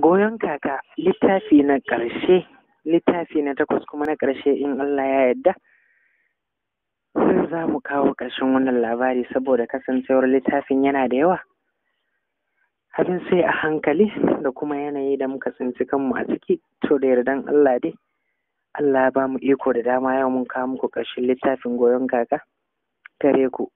goyon kaka littafi na ƙarshe littafi na takwas kuma na ƙarshe in Allah ya yarda sai za mu kawo ƙarshen wannan labari saboda kasancewar littafin yana da yawa abin sai a hankali da kuma yanayi da muka tsinci kanmu a ciki to da yardan Allah dai Allah ba mu iko da dama yau mun kawo muku ƙarshen littafin goyon kaka gare ku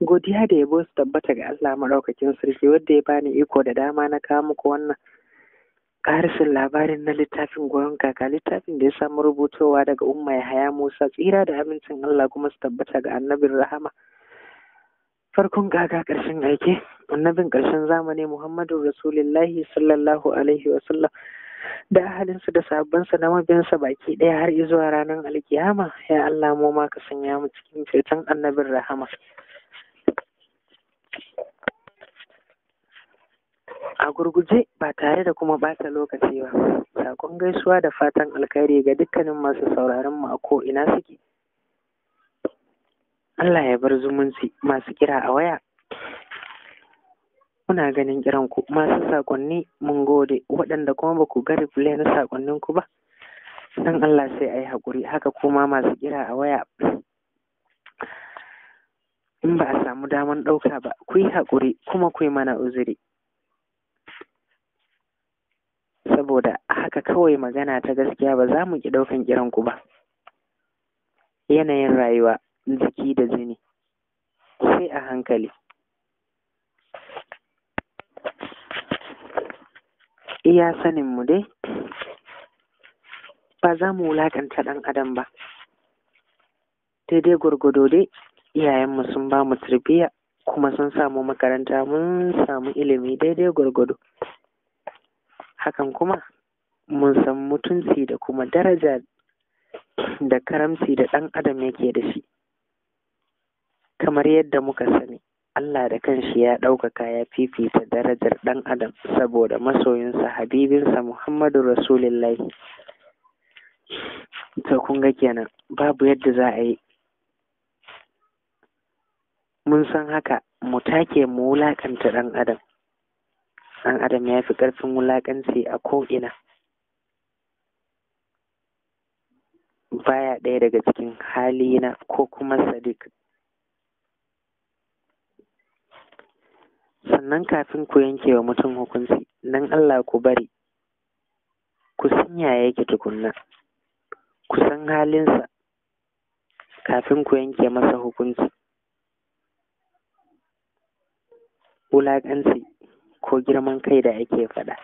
Godiya da yabo su tabbata ga Allah maɗaukakin sarki wadda ya bani iko da dama na kawo muku wannan ƙarisin labarin na littafin goyon kaka littafin da ya samu rubutowa daga Umma Yahaya Musa tsira da amincin Allah kuma su tabbata ga annabin rahama. Farkon gaga ƙarshen aiki, annabin ƙarshen zamani Muhammadu Rasulullahi sallallahu alaihi wasallam da ahalinsu da sabbansa na mabiyansa baki ɗaya har izuwa ranar alkiyama ya Allah mu ma ka sanya mu cikin ceton annabin rahama. a gurguje ba tare da kuma bata lokaci ba sakon gaisuwa da fatan alkhairi ga dukkanin masu sauraron mu a ko ina suke Allah ya bar zumunci masu kira a waya muna ganin kiran ku masu sakonni mun gode waɗanda kuma ba ku ga replay na sakonnin ku ba dan Allah sai a yi haƙuri haka kuma masu kira a waya in ba a samu daman ɗauka ba ku yi haƙuri kuma ku yi mana uzuri saboda haka kawai magana ta gaskiya ba za mu ki ɗaukan kiran ku ba yanayin rayuwa jiki da jini sai a hankali iya sanin mu dai ba za mu wulakanta ɗan adam ba daidai gwargwado dai iyayenmu sun ba mu tarbiyya kuma sun samu makaranta mun samu ilimi daidai gwargwado hakan kuma mun san mutunci da kuma daraja da karamci da ɗan adam yake da shi kamar yadda muka sani Allah da kanshi ya ɗaukaka ya fifita darajar ɗan adam saboda masoyinsa habibinsa Muhammadu Rasulullahi. ta kunga kenan babu yadda za a yi. Mun san haka mu take mu wulaƙanta ɗan adam ɗan adam ya fi ƙarfin wulaƙanci a ko'ina baya ɗaya daga cikin halina ko kuma sadiq sannan kafin ku yanke wa mutum hukunci nan allah ku bari ku san ya yake tukunna ku san halinsa kafin ku yanke masa hukunci wulaƙanci ko girman kai da ake faɗa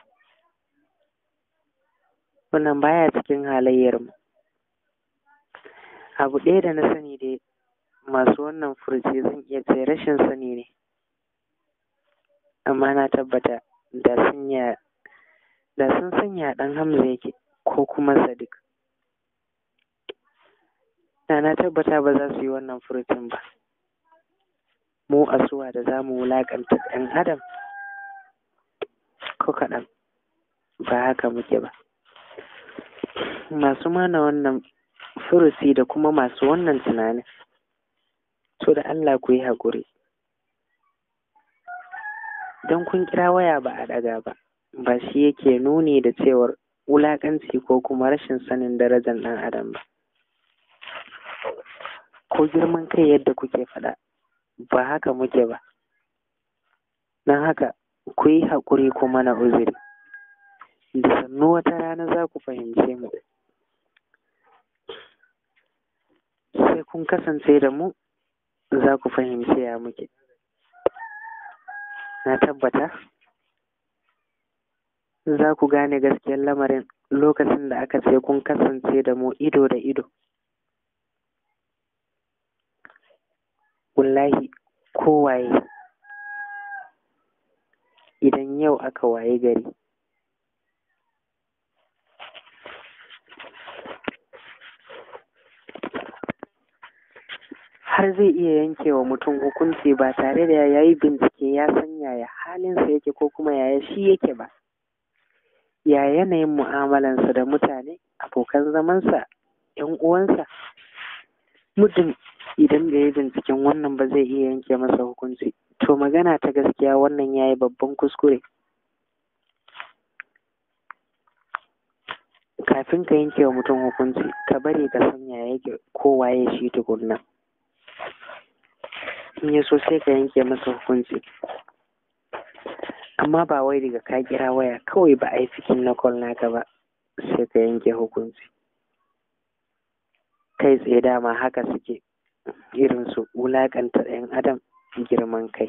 wannan baya cikin halayyar mu abu ɗaya da na sani dai masu wannan furci zan iya ce rashin sani ne amma na tabbata da sun ya da sun sanya ɗan hamza yake ko kuma sadiq da na tabbata ba za su yi wannan furucin ba mu asuwa da za mu wulaƙanta ɗan adam ko kaɗan ba haka muke ba masu mana wannan furusi da kuma masu wannan tunanin to da Allah ku yi haƙuri don kun kira waya ba a ɗaga ba ba shi yake nuni da cewar wulaƙanci ko kuma rashin sanin darajar ɗan adam ba ko girman kai yadda kuke faɗa ba haka muke ba don haka ku yi haƙuri ku mana uzuri da sannu wata rana za ku fahimce mu sai kun kasance da mu za ku fahimce ya muke na tabbata za ku gane gaskiyar lamarin lokacin da aka ce kun kasance da mu ido da ido wallahi kowaye idan yau aka wayi gari har zai iya yankewa mutum hukunci ba tare da ya yi bincike ya san yaya halinsa yake ko kuma yaya shi yake ba ya yanayin mu'amalansa da mutane abokan zamansa yan uwansa muddin idan bai yi binciken wannan ba zai iya yanke masa hukunci To magana ta gaskiya wannan ya yi babban kuskure. Kafin ka yanke wa mutum hukunci, ka bari ka san ya yake ko waye shi tukunna. In ya so sai ka yanke masa hukunci. Amma ba wai daga ka kira waya kawai ba a yi fikin na call naka ba, sai ka yanke hukunci. Kai tsaye dama haka suke irin su wulaƙanta ɗan adam girman kai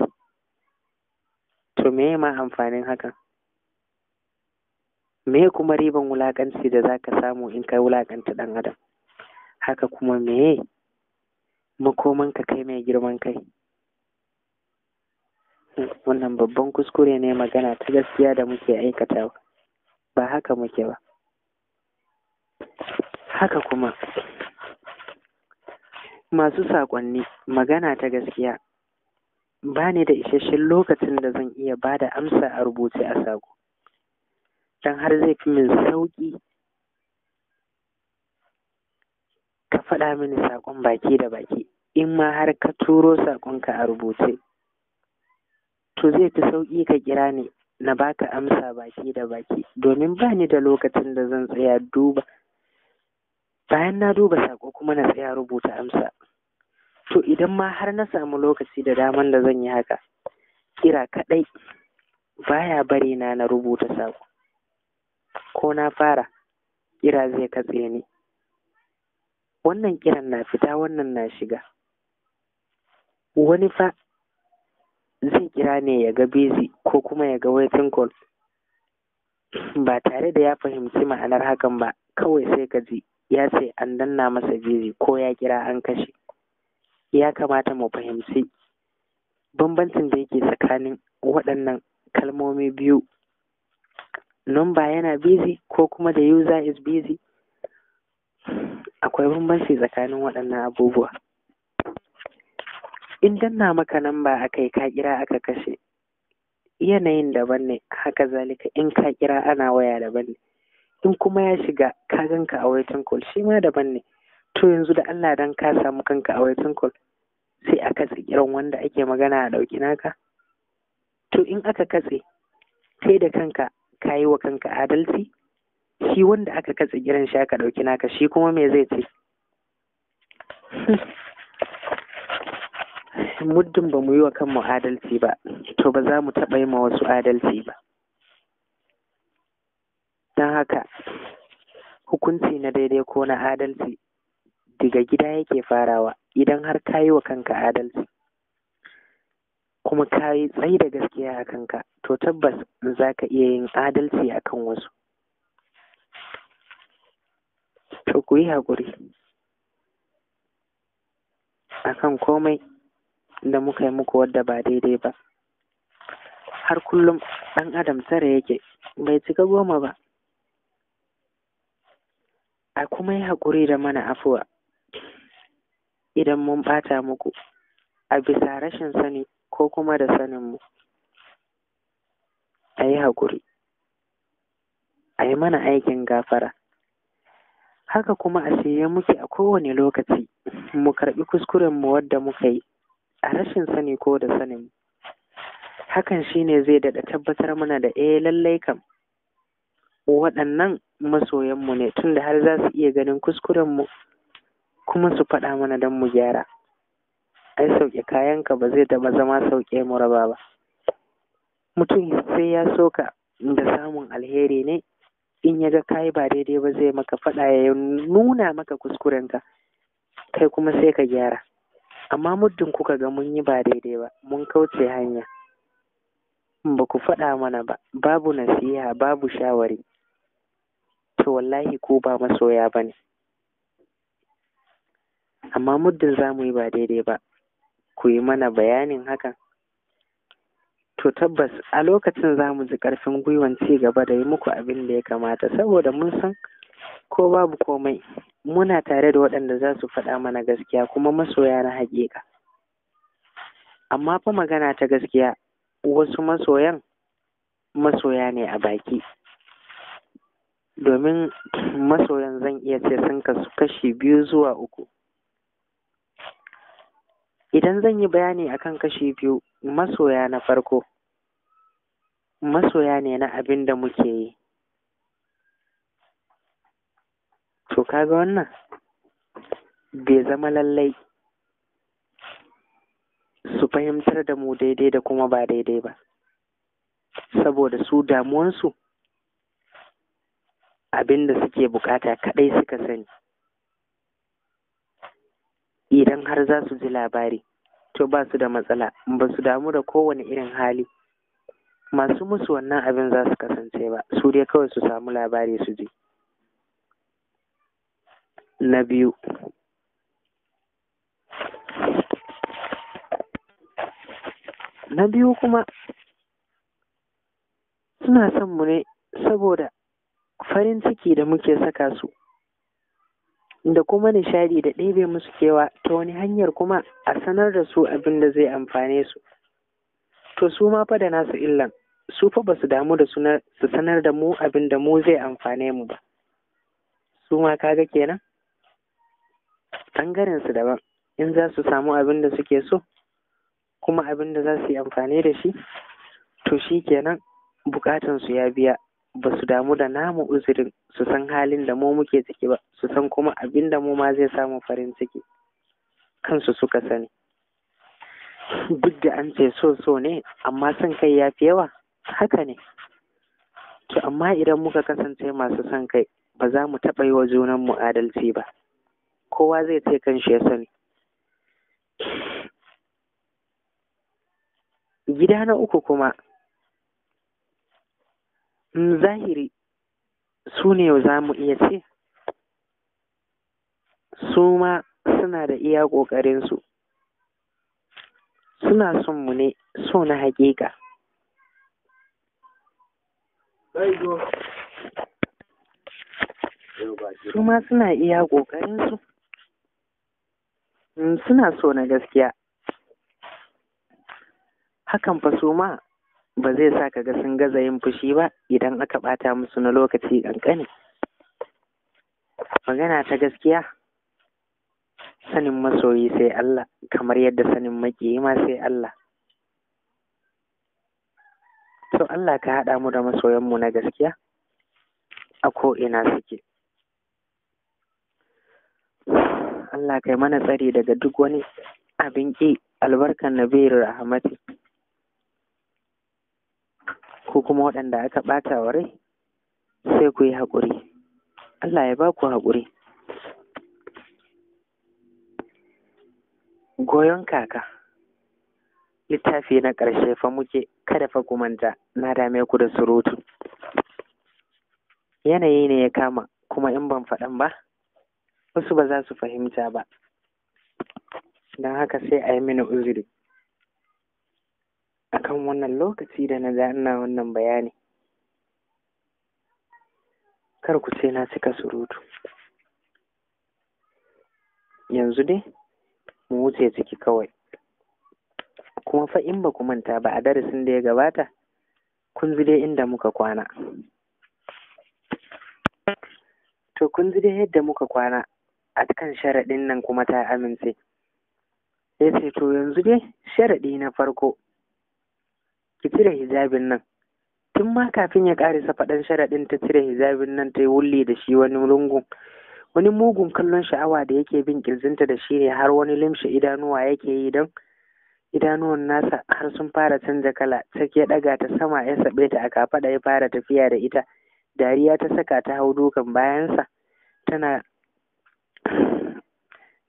to me ma amfanin hakan me kuma riban wulakanci da za ka samu in kai wulakanta ɗan adam haka kuma me makomanka kai mai girman kai wannan babban kuskure ne magana ta gaskiya da muke aikatawa ba haka muke ba haka kuma masu saƙonni magana ta gaskiya ba ni da isasshen lokacin da zan iya ba da amsa a rubuce a sako don har zai fi min sauƙi ka faɗa mini saƙon baki da baki in ma har ka turo saƙonka a rubuce to zai fi sauƙi ka kira ni na baka amsa baki da baki domin ba ni da lokacin da zan tsaya duba bayan na duba saƙo kuma na tsaya rubuta amsa to idan ma har na samu lokaci da daman da zan yi haka kira kaɗai baya bari na na rubuta saƙo ko na fara kira zai katse ni wannan kiran na fita wannan na shiga wani fa zai kira ne ya ga busy ko kuma ya ga waiting call ba tare da ya fahimci ma'anar hakan ba kawai sai ka ji ya ce an danna masa busy ko ya kira an kashe ya kamata mu fahimci bambancin da yake tsakanin waɗannan kalmomi biyu number yana busy ko kuma da user is busy akwai bambanci tsakanin waɗannan abubuwa in danna maka namba akai ka kira aka kashe yanayin daban ne haka zalika in ka kira ana waya daban ne in kuma ya shiga ka ganka a waitin call shi ma daban ne to yanzu da Allah dan ka samu kanka a waiting call sai a katse irin wanda ake magana a ɗauki naka to in aka katse kai da kanka ka yi wa kanka adalci shi wanda aka katse kiran shi aka ɗauki naka shi kuma me zai ce muddin ba mu yi wa kanmu adalci ba to ba za mu taɓa yi ma wasu adalci ba don haka hukunci na daidai ko na adalci daga gida yake farawa idan har ka yi wa kanka adalci kuma ka yi tsayi da gaskiya a kanka to tabbas za ka iya yin adalci a kan wasu to ku yi haƙuri a kan komai da muka yi muku wadda ba daidai ba har kullum ɗan adam tsare yake bai cika goma ba a kuma yi haƙuri da mana afuwa idan mun ɓata muku a bisa rashin sani ko kuma da saninmu a yi haƙuri a yi mana aikin gafara haka kuma a siye muke a kowane lokaci mu karɓi kuskurenmu wadda muka yi a rashin sani ko da saninmu hakan shi ne zai daɗa tabbatar mana da eh lallai kam waɗannan masoyanmu ne tunda har za su iya ganin kuskurenmu kuma su faɗa mana don mu gyara ai sauke kayanka ba zai taɓa zama sauke mu raba ba mutum sai ya soka da samun alheri ne in ya ga kayi ba daidai ba zai maka faɗa ya nuna maka kuskurenka kai kuma sai ka gyara amma muddin kuka ga mun yi ba daidai ba mun kauce hanya ba ku faɗa mana ba babu nasiha babu shawari to wallahi ko ba masoya ba ne amma muddin za mu yi ba daidai ba ku yi mana bayanin hakan to tabbas a lokacin za mu ji ƙarfin gwiwan ci gaba da yi muku abin da ya kamata saboda mun san ko babu komai muna tare da waɗanda za su faɗa mana gaskiya kuma masoya na haƙiƙa amma fa magana ta gaskiya wasu masoyan masoya ne a baki domin masoyan zan iya ce sun kasu kashi biyu zuwa uku idan zan yi bayani akan kashi biyu masoya na farko masoya ne na abin da muke yi to kaga wannan bai zama lallai su fahimtar da mu daidai da kuma ba daidai ba saboda su damuwansu abin da suke bukata kadai suka sani idan har za su ji labari to ba su da matsala ba su damu da kowane irin hali masu musu wannan abin za su kasance ba su dai kawai su samu labari su ji na biyu na biyu kuma suna son mu ne saboda farin ciki da muke saka su da kuma nishadi da ɗebe musu kewa ta wani hanyar kuma a sanar da su abin da zai amfane su to su ma fa da nasu illan su fa ba su damu da su sanar da mu abin da mu zai amfane mu ba su ma kaga kenan ɓangaren su daban in za su samu abin da suke so kuma abin da za su yi amfani da shi to shi kenan bukatansu ya biya ba su damu da namu uzurin su san halin da mu muke ciki ba su san kuma abin da mu ma zai samu farin ciki kansu suka sani duk da an ce so so ne amma son kai ya fi yawa haka ne to amma idan muka kasance masu son kai ba za mu taɓa yi wa mu adalci ba kowa zai ce kan shi ya sani gida na uku kuma zahiri su ne za mu iya ce su ma suna da iya ƙoƙarinsu suna son mu ne so na haƙiƙa su ma suna iya ƙoƙarinsu mm, suna so na gaskiya hakan fa su ma ba zai sa ka ga sun gaza yin fushi ba idan aka ɓata musu na lokaci ƙanƙani magana ta gaskiya sanin masoyi sai Allah kamar yadda sanin maƙiyi ma sai Allah to Allah ka haɗa mu da masoyanmu na gaskiya a ko'ina suke Allah kai mana tsari daga duk wani abin ƙi albarkan nabiru rahmati ko kuma waɗanda aka ɓata wa rai sai ku yi haƙuri Allah ya ba ku haƙuri goyon kaka littafi na ƙarshe fa muke kada fa ku manta na dame ku da surutu yanayi ne ya kama kuma in ban faɗan ba wasu ba za su fahimta ba don haka sai a yi mini uzuri akan wannan lokaci da na ga ina wannan bayani kar ku ce na cika surutu yanzu dai mu wuce ciki kawai kuma fa in ba ku manta ba a darasin da ya gabata kun ji dai inda muka kwana to kun ji dai yadda muka kwana a kan sharaɗin nan kuma ta amince ya ce to yanzu dai sharaɗi na farko ki cire hijabin nan tun ma kafin ya sa faɗan sharaɗin ta cire hijabin nan ta yi wulle da shi wani lungun wani mugun kallon sha'awa da yake bin kirzinta da shi ne har wani limshe idanuwa yake yi don idanuwan nasa har sun fara canza kala sai ya ɗaga ta sama ya saɓe ta a kafaɗa ya fara tafiya da ita dariya ta saka ta hau dukan bayansa tana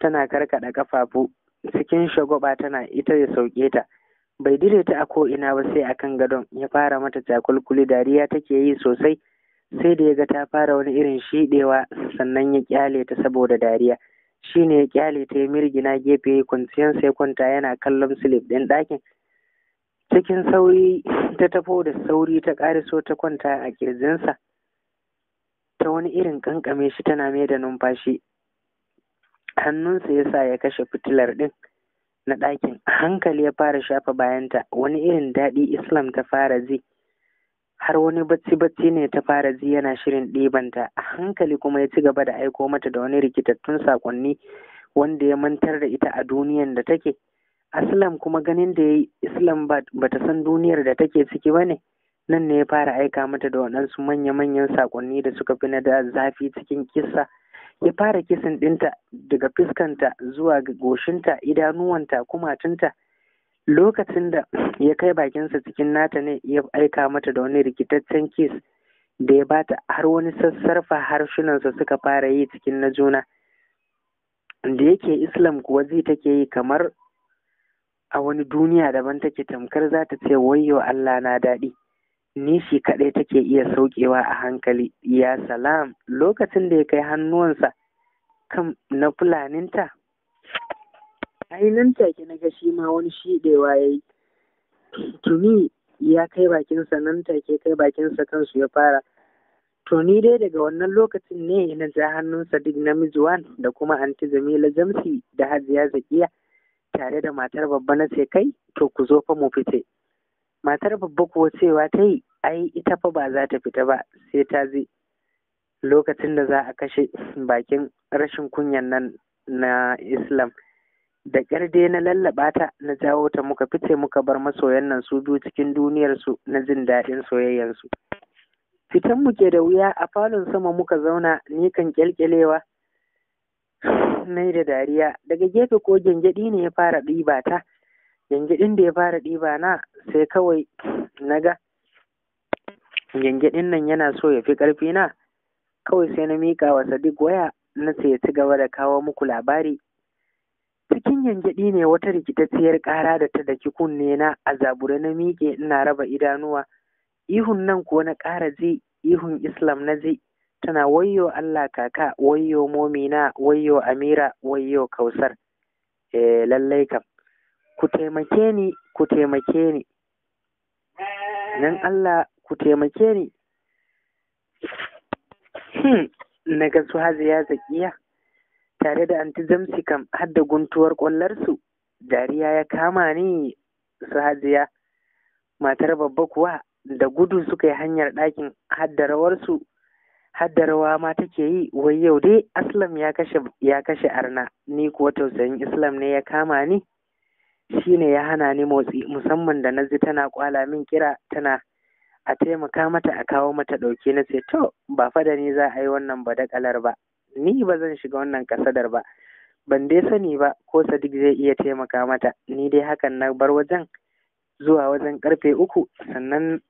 tana karkaɗa ƙafafu cikin shagwaba tana ita ya sauke ta bai dire ta a ko'ina ba sai akan gadon ya fara mata cakulkuli dariya take yi sosai sai da ya ga ta fara wani irin shiɗewa sannan ya kyale ta saboda dariya Shi ne ya kyale ta ya mirgina gefe kwanciyar sai kwanta yana kallon silif ɗin ɗakin cikin sauri ta tafo da sauri ta ƙariso ta kwanta a ƙirjinsa ta wani irin ƙanƙame shi tana mai da numfashi hannunsa ya sa ya kashe fitilar ɗin na ɗakin hankali ya fara shafa bayanta wani irin daɗi islam ta fara ji har wani bacci bacci ne ta fara ji yana shirin ɗibanta a hankali kuma ya ci gaba da aiko mata da wani rikitattun saƙonni wanda ya mantar da ita a duniyar da take aslam kuma ganin da ya yi islam ba ta san duniyar da take ciki ba ne nan ne ya fara aika mata da waɗansu manya-manyan saƙonni da suka fi na da zafi cikin kisa ya fara kisan ɗinta daga fuskanta zuwa goshinta idanuwanta kumatunta lokacin da ya kai bakinsa cikin nata ne ya aika mata da wani rikitaccen kes da ya bata har wani sassarfa harshunansa suka fara yi cikin na juna da yake islam kuwa zai take yi kamar a wani duniya daban take tamkar za ta ce wayyo allah na daɗi nishi kaɗai take iya saukewa a hankali ya salam lokacin da ya kai hannuwansa kan na fulaninta ai nan take na ga ma wani shiɗewa ya yi tuni ya kai bakinsa nan take kai bakinsa kansu ya fara to dai daga wannan lokacin ne na ja hannunsa duk namiji wan da kuma anti jamila jamsi da hajiya zakiya tare da matar babba na ce kai to ku zo fa mu fice matar babba kuwa cewa ta yi ai ita fa ba za ta fita ba sai ta je lokacin da za a kashe bakin rashin kunyan nan na islam da ƙyar dai na lallaba ta na jawo ta muka fice muka bar masoyan nan su biyu cikin duniyar su na jin daɗin su fitan mu ke da wuya a falon sama muka zauna ni kan kyalkyalewa nai da dariya daga gefe ko gyangyaɗi ne ya fara ɗiba ta gyangyaɗin da ya fara ɗiba na sai kawai na ga gyangyaɗin nan yana so ya fi ƙarfi na kawai sai na miƙa wa sadiq waya na sai ya ci gaba da kawo muku labari cikin gyangyaɗi ne wata rikitacciyar ƙara da ta daki kunne na a zabure na miƙe ina raba idanuwa ihun nan ko na ƙara ji ihun islam na ji tana wayyo Allah kaka wayyo momina wayyo amira wayo kausar eh lallai kam ku taimake ni ku taimake ni nan Allah ku taimake ni hmm na ga su haziya zakiya tare da antizamsi kam har da guntuwar ƙwallarsu dariya ya kama ni su hajiya matar babba kuwa da gudu suka yi hanyar ɗakin haddarawarsu haddarawa ma take yi wai yau dai aslam ya kashe arna ni kuwa tausayin islam ne ya kama ni shine ya hana ni motsi musamman da na ji tana kwala min kira tana a taimaka mata a kawo mata ɗauke na ce to ba fa ni za a yi wannan badakalar ba ni ba zan shiga wannan kasadar ba ban dai sani ba ko sadiq zai iya taimaka mata ni dai hakan na bar wajen zuwa wajen karfe uku sannan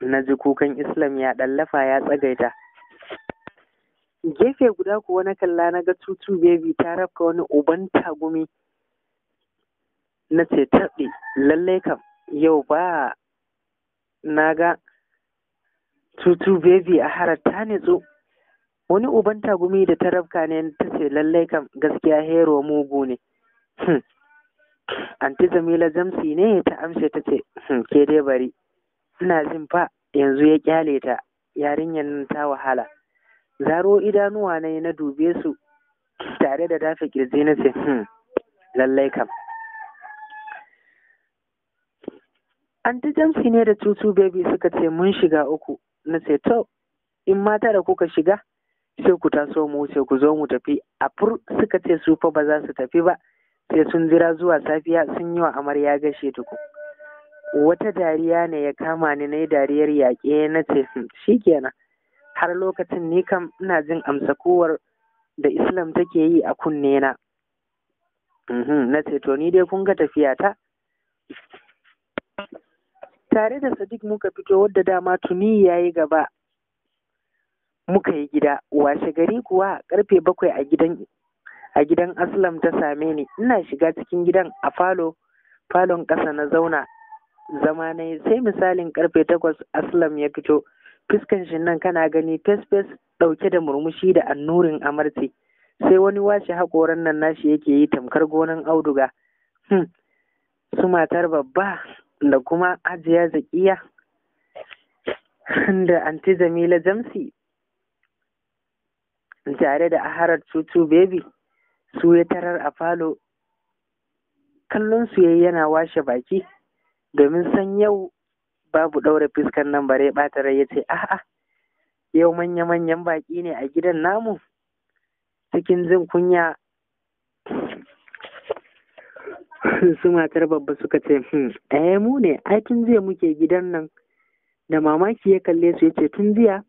na ji kukan islam ya ɗallafa ya tsagaita gefe guda kuwa na kalla na ga tutu baby ta rafka wani uban tagumi na ce taɓi lalle kam yau ba na ga tutu baby a harar ta tso wani uban tagumi da ta rabka ne ta ce lalle kam gaskiya hero mugu ne hmm. anti jamila jamsi ne ta amshe ta ce hmm, ke dai bari ina jin fa yanzu ya kyale ta yarinyar ta wahala zaro idanuwa na na dube su tare da dafa kirji na ce hmm, lallai kam anti ne da tutu baby suka ce mun shiga uku na ce to in mata da kuka shiga sai ku taso mu sai ku zo mu tafi a fur suka ce su fa ba za su tafi ba sai sun jira zuwa safiya sun yi wa amarya gashe tuku wata dariya ne ya kama ni na dariyar yaƙe na ce hmm, kenan. har lokacin ni kam ina jin amsakowar da islam take yi a kunne na hmm, hmm. na ce to ni dai kun ga tafiya ta tare da sadiq muka fito wadda dama tuni ya yi gaba muka yi gida washe gari kuwa karfe bakwai a gidan a gidan aslam ta same ni ina shiga cikin gidan a falo falon ƙasa na zauna zama na sai misalin karfe takwas aslam ya fito fuskan shi nan kana gani fes fes ɗauke da murmushi da annurin amarci sai wani washe hakoran nan nashi yake yi tamkar gonan auduga hmm. su matar babba da kuma ajiya zakiya da anti jamila jamsi tare da aharar cucu baby su ya tarar a falo kallon su ya yana washe baki domin san yau babu ɗaura fuskar nan bare ɓata rai yace a'a yau manya-manyan baki ne a gidan namu cikin jin kunya su matar babba suka ce hmm, eh mu ne ai tun jiya muke gidan nan da mamaki ya kalle su ya ce tun jiya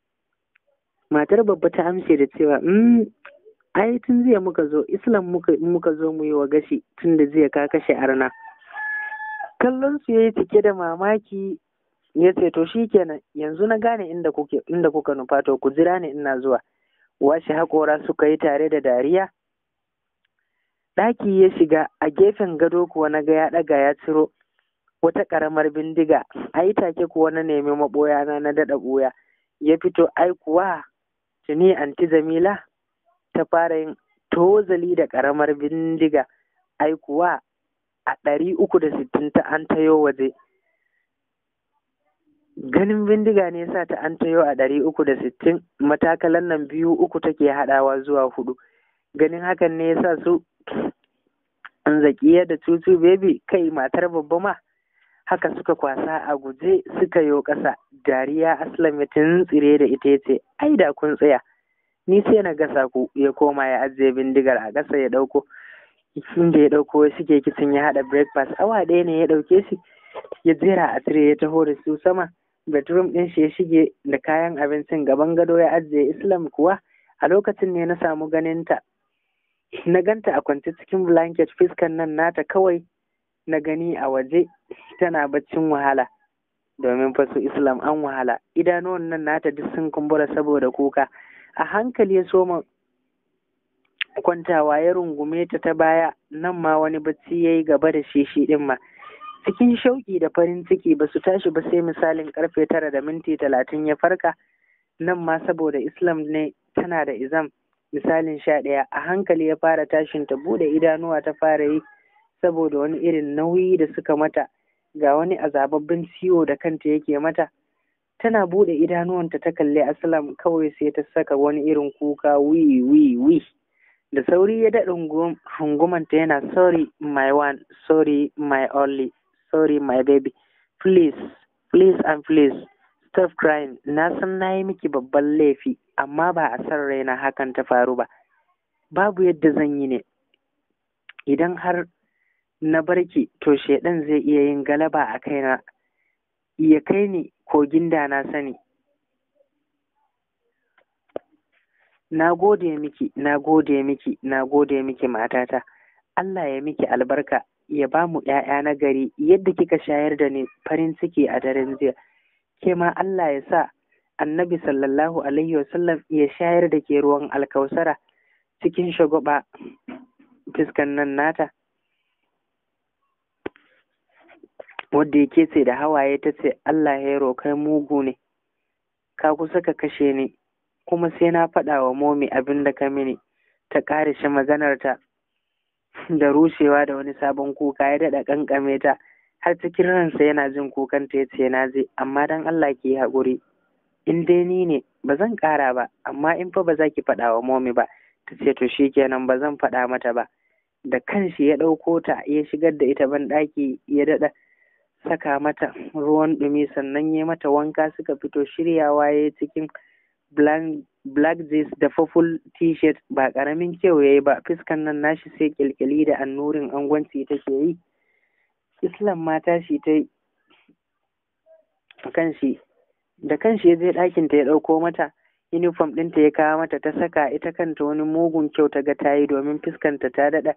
matar babba ta amshe da cewa hmm, ai tun jiya muka zo islam muka zo mu yi wa gashi tun da jiya ka kashe arna kallon su ya yi cike da mamaki ya ce to shi kenan, yanzu na gane inda inda kuka nufa to ku jira ni ina zuwa washe haƙora suka yi tare da dariya ɗaki ya shiga a gefen gado kuwa na ga ya ɗaga ya ciro wata ƙaramar bindiga a yi take kuwa na nemi maɓoya na na daɗa ɓoya ya fito ai kuwa tuni anti jamila ta fara yin tozali da ƙaramar bindiga ai kuwa a ɗari uku da sittin ta an tayo waje ganin bindiga ne sa ta an tayo a ɗari uku da sittin matakalan nan biyu uku take haɗawa zuwa hudu ganin hakan ne ya sa su an zaki da cucu baby kai matar babba ma haka suka kwasa a guje suka yo ƙasa dariya aslam ya tsire da ita ya ce ai da kun tsaya ni sai na gasa ku ya koma ya ajiye bindigar a ƙasa ya ɗauko da ya ɗauko suke kicin ya haɗa breakfast awa ɗaya ne ya ɗauke shi ya jera a tire ya taho da su sama bedroom ɗin shi ya shige da kayan abincin gaban gado ya ajiye islam kuwa a lokacin ne na samu ganinta na ganta a kwance cikin blanket fiskan nan nata kawai na gani a waje tana baccin wahala domin fasu islam an wahala idanuwan nan nata duk sun kumbura saboda kuka a hankali ya soma kwantawa ya rungume ta ta baya nan ma wani bacci ya yi gaba da shi ɗin ma cikin shauƙi da farin ciki ba su tashi ba sai misalin karfe tara da minti talatin ya farka nan ma saboda islam ne tana da izam misalin sha ɗaya a hankali ya fara tashin ta buɗe idanuwa ta fara yi saboda wani irin nauyi da suka mata ga wani azababbin ciwo da kanta yake mata tana buɗe idanuwanta ta kalli aslam kawai sai ta saka wani irin kuka wi wi wi da sauri ya daɗa hungumanta yana sorry my one sorry my only sorry my baby please please and please stop crying na san na yi miki babban laifi amma ba a san raina hakan ta faru ba babu yadda zan yi ne idan har na barki to shaidan zai iya yin galaba a kaina ya kai ni kogin da na sani na gode miki na gode miki na gode miki matata Allah ya miki albarka ya ba mu ‘ya'ya na gari yadda kika shayar da ni farin ciki a daren jiya ke ma Allah ya sa annabi sallallahu alaihi wasallam ya shayar da ke ruwan alkausara cikin shagwaba fiskan nan nata wadda yake da hawaye ta ce Allah ya kai mugu ne ka kusa ka kashe ni kuma sai na faɗa wa momi abin da ka mini ta ƙare shi maganarta da rushewa da wani sabon kuka ya daɗa ƙanƙame ta har cikin ransa yana jin kukanta ya ce na je amma don Allah ke yi haƙuri in dai ni ne ba zan ƙara ba amma in fa ba za ki faɗa wa momi ba ta ce to shi kenan ba zan faɗa mata ba da kanshi ya ɗauko ta ya shigar da ita ban ɗaki ya daɗa saka mata ruwan ɗumi sannan ya mata wanka suka fito shiryawa ya yi cikin black jeans da purple t-shirt ba ƙaramin kyau ya yi ba fiskan nan nashi sai ƙilƙili da annurin angwanci take yi islam mata shi ta kan shi da kanshi ya je ɗakinta ya ɗauko mata uniform ɗinta ya kawo mata ta saka ita kanta wani mugun kyau ta ga tayi domin fuskanta ta daɗa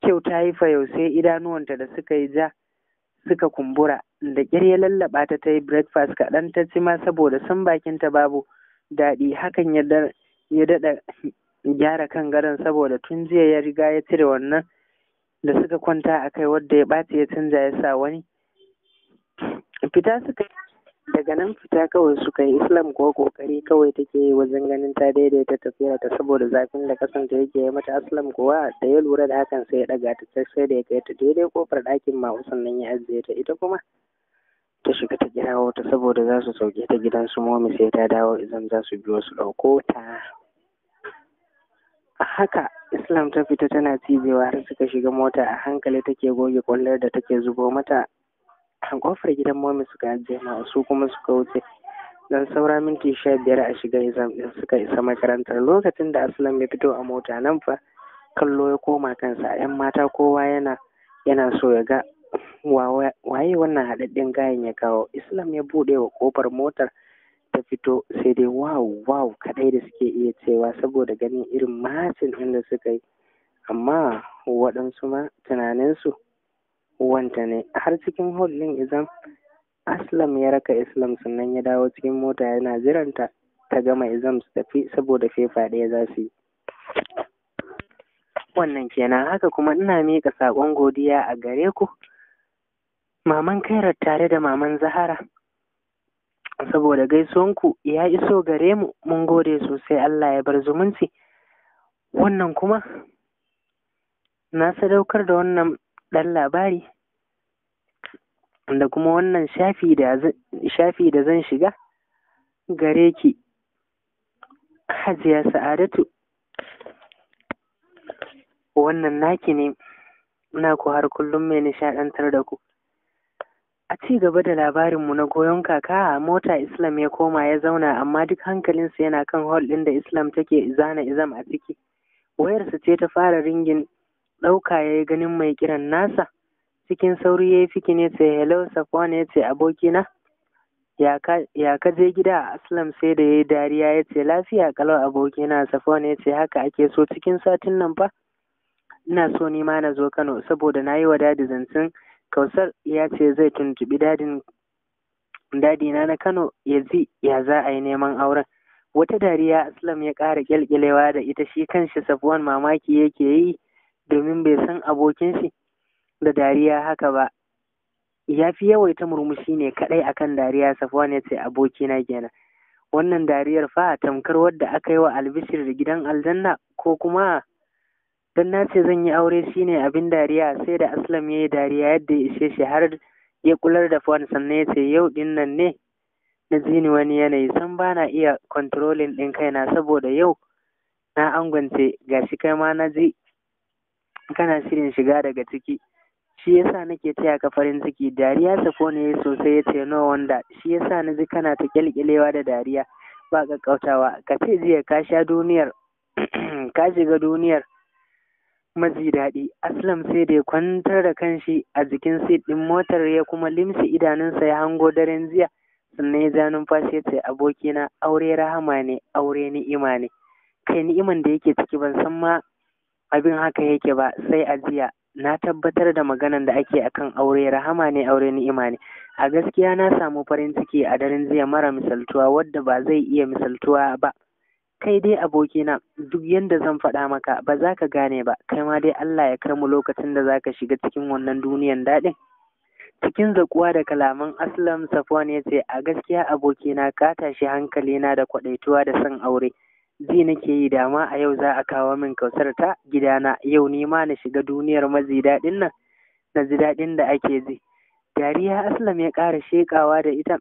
kyau ta yi fayau sai idanuwanta da suka yi ja suka kumbura da ƙyar ya lallaɓa ta ta yi breakfast kaɗan ta ci ma saboda sun bakinta babu daɗi hakan ya daɗa gyara kan gadon saboda tun jiya ya riga ya cire wannan da suka kwanta a kai wadda ya ɓaci ya canza ya sa wani fita suka yi. daga nan fita kawai suka yi islam ko kokari kawai take yi wajen ganin ta daidaita tafiyar ta saboda zafin da kasanta yake yi mata islam kuwa da ya lura da hakan sai ya daga ta sai da ya kai ta daidai kofar ɗakin ma'u sannan ya ajiye ta ita kuma ta shiga ta gina wata saboda za su sauke ta gidan su momi sai ta dawo idan za su biyo su ɗauko ta haka islam ta fita tana cizewa har suka shiga mota a hankali take goge kwallar da take zubo mata an kofar gidan momi suka ajiye mu su kuma suka wuce dan saura minti sha biyar a shiga exam din suka isa makarantar lokacin da aslam ya fito a mota nan fa kallo ya koma kansa a yan mata kowa yana yana so ya ga waye wannan haɗaɗɗen kayan ya kawo islam ya buɗe wa kofar motar ta fito sai dai wow wow kaɗai da suke iya cewa saboda ganin irin matin inda suka yi amma waɗansu ma tunaninsu Wanta ne har cikin hall izan aslam ya raka islam sannan ya dawo cikin mota yana jiranta ta gama izam su tafi saboda fefa ɗaya za su yi wannan kenan haka kuma ina miƙa saƙon godiya a gare ku maman kairar tare da maman zahara saboda gaisuwanku ya iso gare mu mun gode sosai allah ya bar zumunci wannan kuma na sadaukar da wannan ɗan labari da kuma wannan shafi da shafi da zan shiga gare ki hajiya sa'adatu wannan naki ne na ku har kullum mai nishaɗantar da ku a ci gaba da labarinmu na goyon kaka mota islam ya koma ya zauna amma duk hankalinsa yana kan hall ɗin da islam take zana izam a ciki wayarsa ce ta fara ringin ɗauka ya yi ganin mai kiran nasa cikin sauri ya yi fikin ya ce hello safwan ya ce abokina ya ka je gida a aslam sai da ya yi dariya ya ce lafiya kalau abokina safwan ya ce haka ake so cikin satin nan fa ina so ni ma na zo kano saboda na yi wa dadi zancen kausar ya ce zai tuntubi dadin dadina na kano ya ji ya za a yi neman auren wata dariya aslam ya ƙara ƙyalƙyalewa da ita shi kanshi safwan mamaki yake yi domin bai san abokin shi da dariya haka ba ya fi yawaita murmushi ne kaɗai akan dariya safwan ya ce abokina kenan wannan dariyar fa tamkar wadda aka yi wa albishir da gidan aljanna ko kuma dan na ce zan yi aure shi ne abin dariya sai da aslam ya yi dariya yadda ya ishe shi har ya kular da fuwan sannan ya ce yau din nan ne na ji ni wani yanayi san ba na iya controlling ɗin kaina saboda yau na angwance gashi kai ma na ji kana shirin shiga daga ciki shi yasa nake taya ka farin ciki dariya sako ne sosai ya ce no wanda shi yasa na ji kana ta kyalkyalewa da dariya ba kakkautawa ka ce jiya ka sha duniyar ka shiga duniyar maji daɗi aslam sai da ya kwantar da kanshi a jikin sit ɗin motar ya kuma limsi idanunsa ya hango daren jiya sannan ya ja numfashi ya ce abokina aure rahama ne aure ni'ima ne kai ni'iman da yake ciki ban san ma abin haka yake ba sai a jiya na tabbatar da maganan da ake akan aure rahama ne aure ni'ima imani. a gaskiya na samu farin ciki a daren jiya mara misaltuwa wadda ba zai iya misaltuwa ba kai dai abokina duk yadda zan faɗa maka ba za ka gane ba kai ma dai Allah ya kai mu lokacin da za ka shiga cikin wannan duniyan daɗin cikin zakuwa da kalaman aslam safwan ya ce a gaskiya abokina ka tashi hankalina da kwaɗaituwa da son aure zai nake yi dama a yau za a kawo min kausar ta gidana yau ni ma na shiga duniyar maji daɗin nan na ji daɗin da ake ji dariya aslam ya ƙara sheƙawa da ita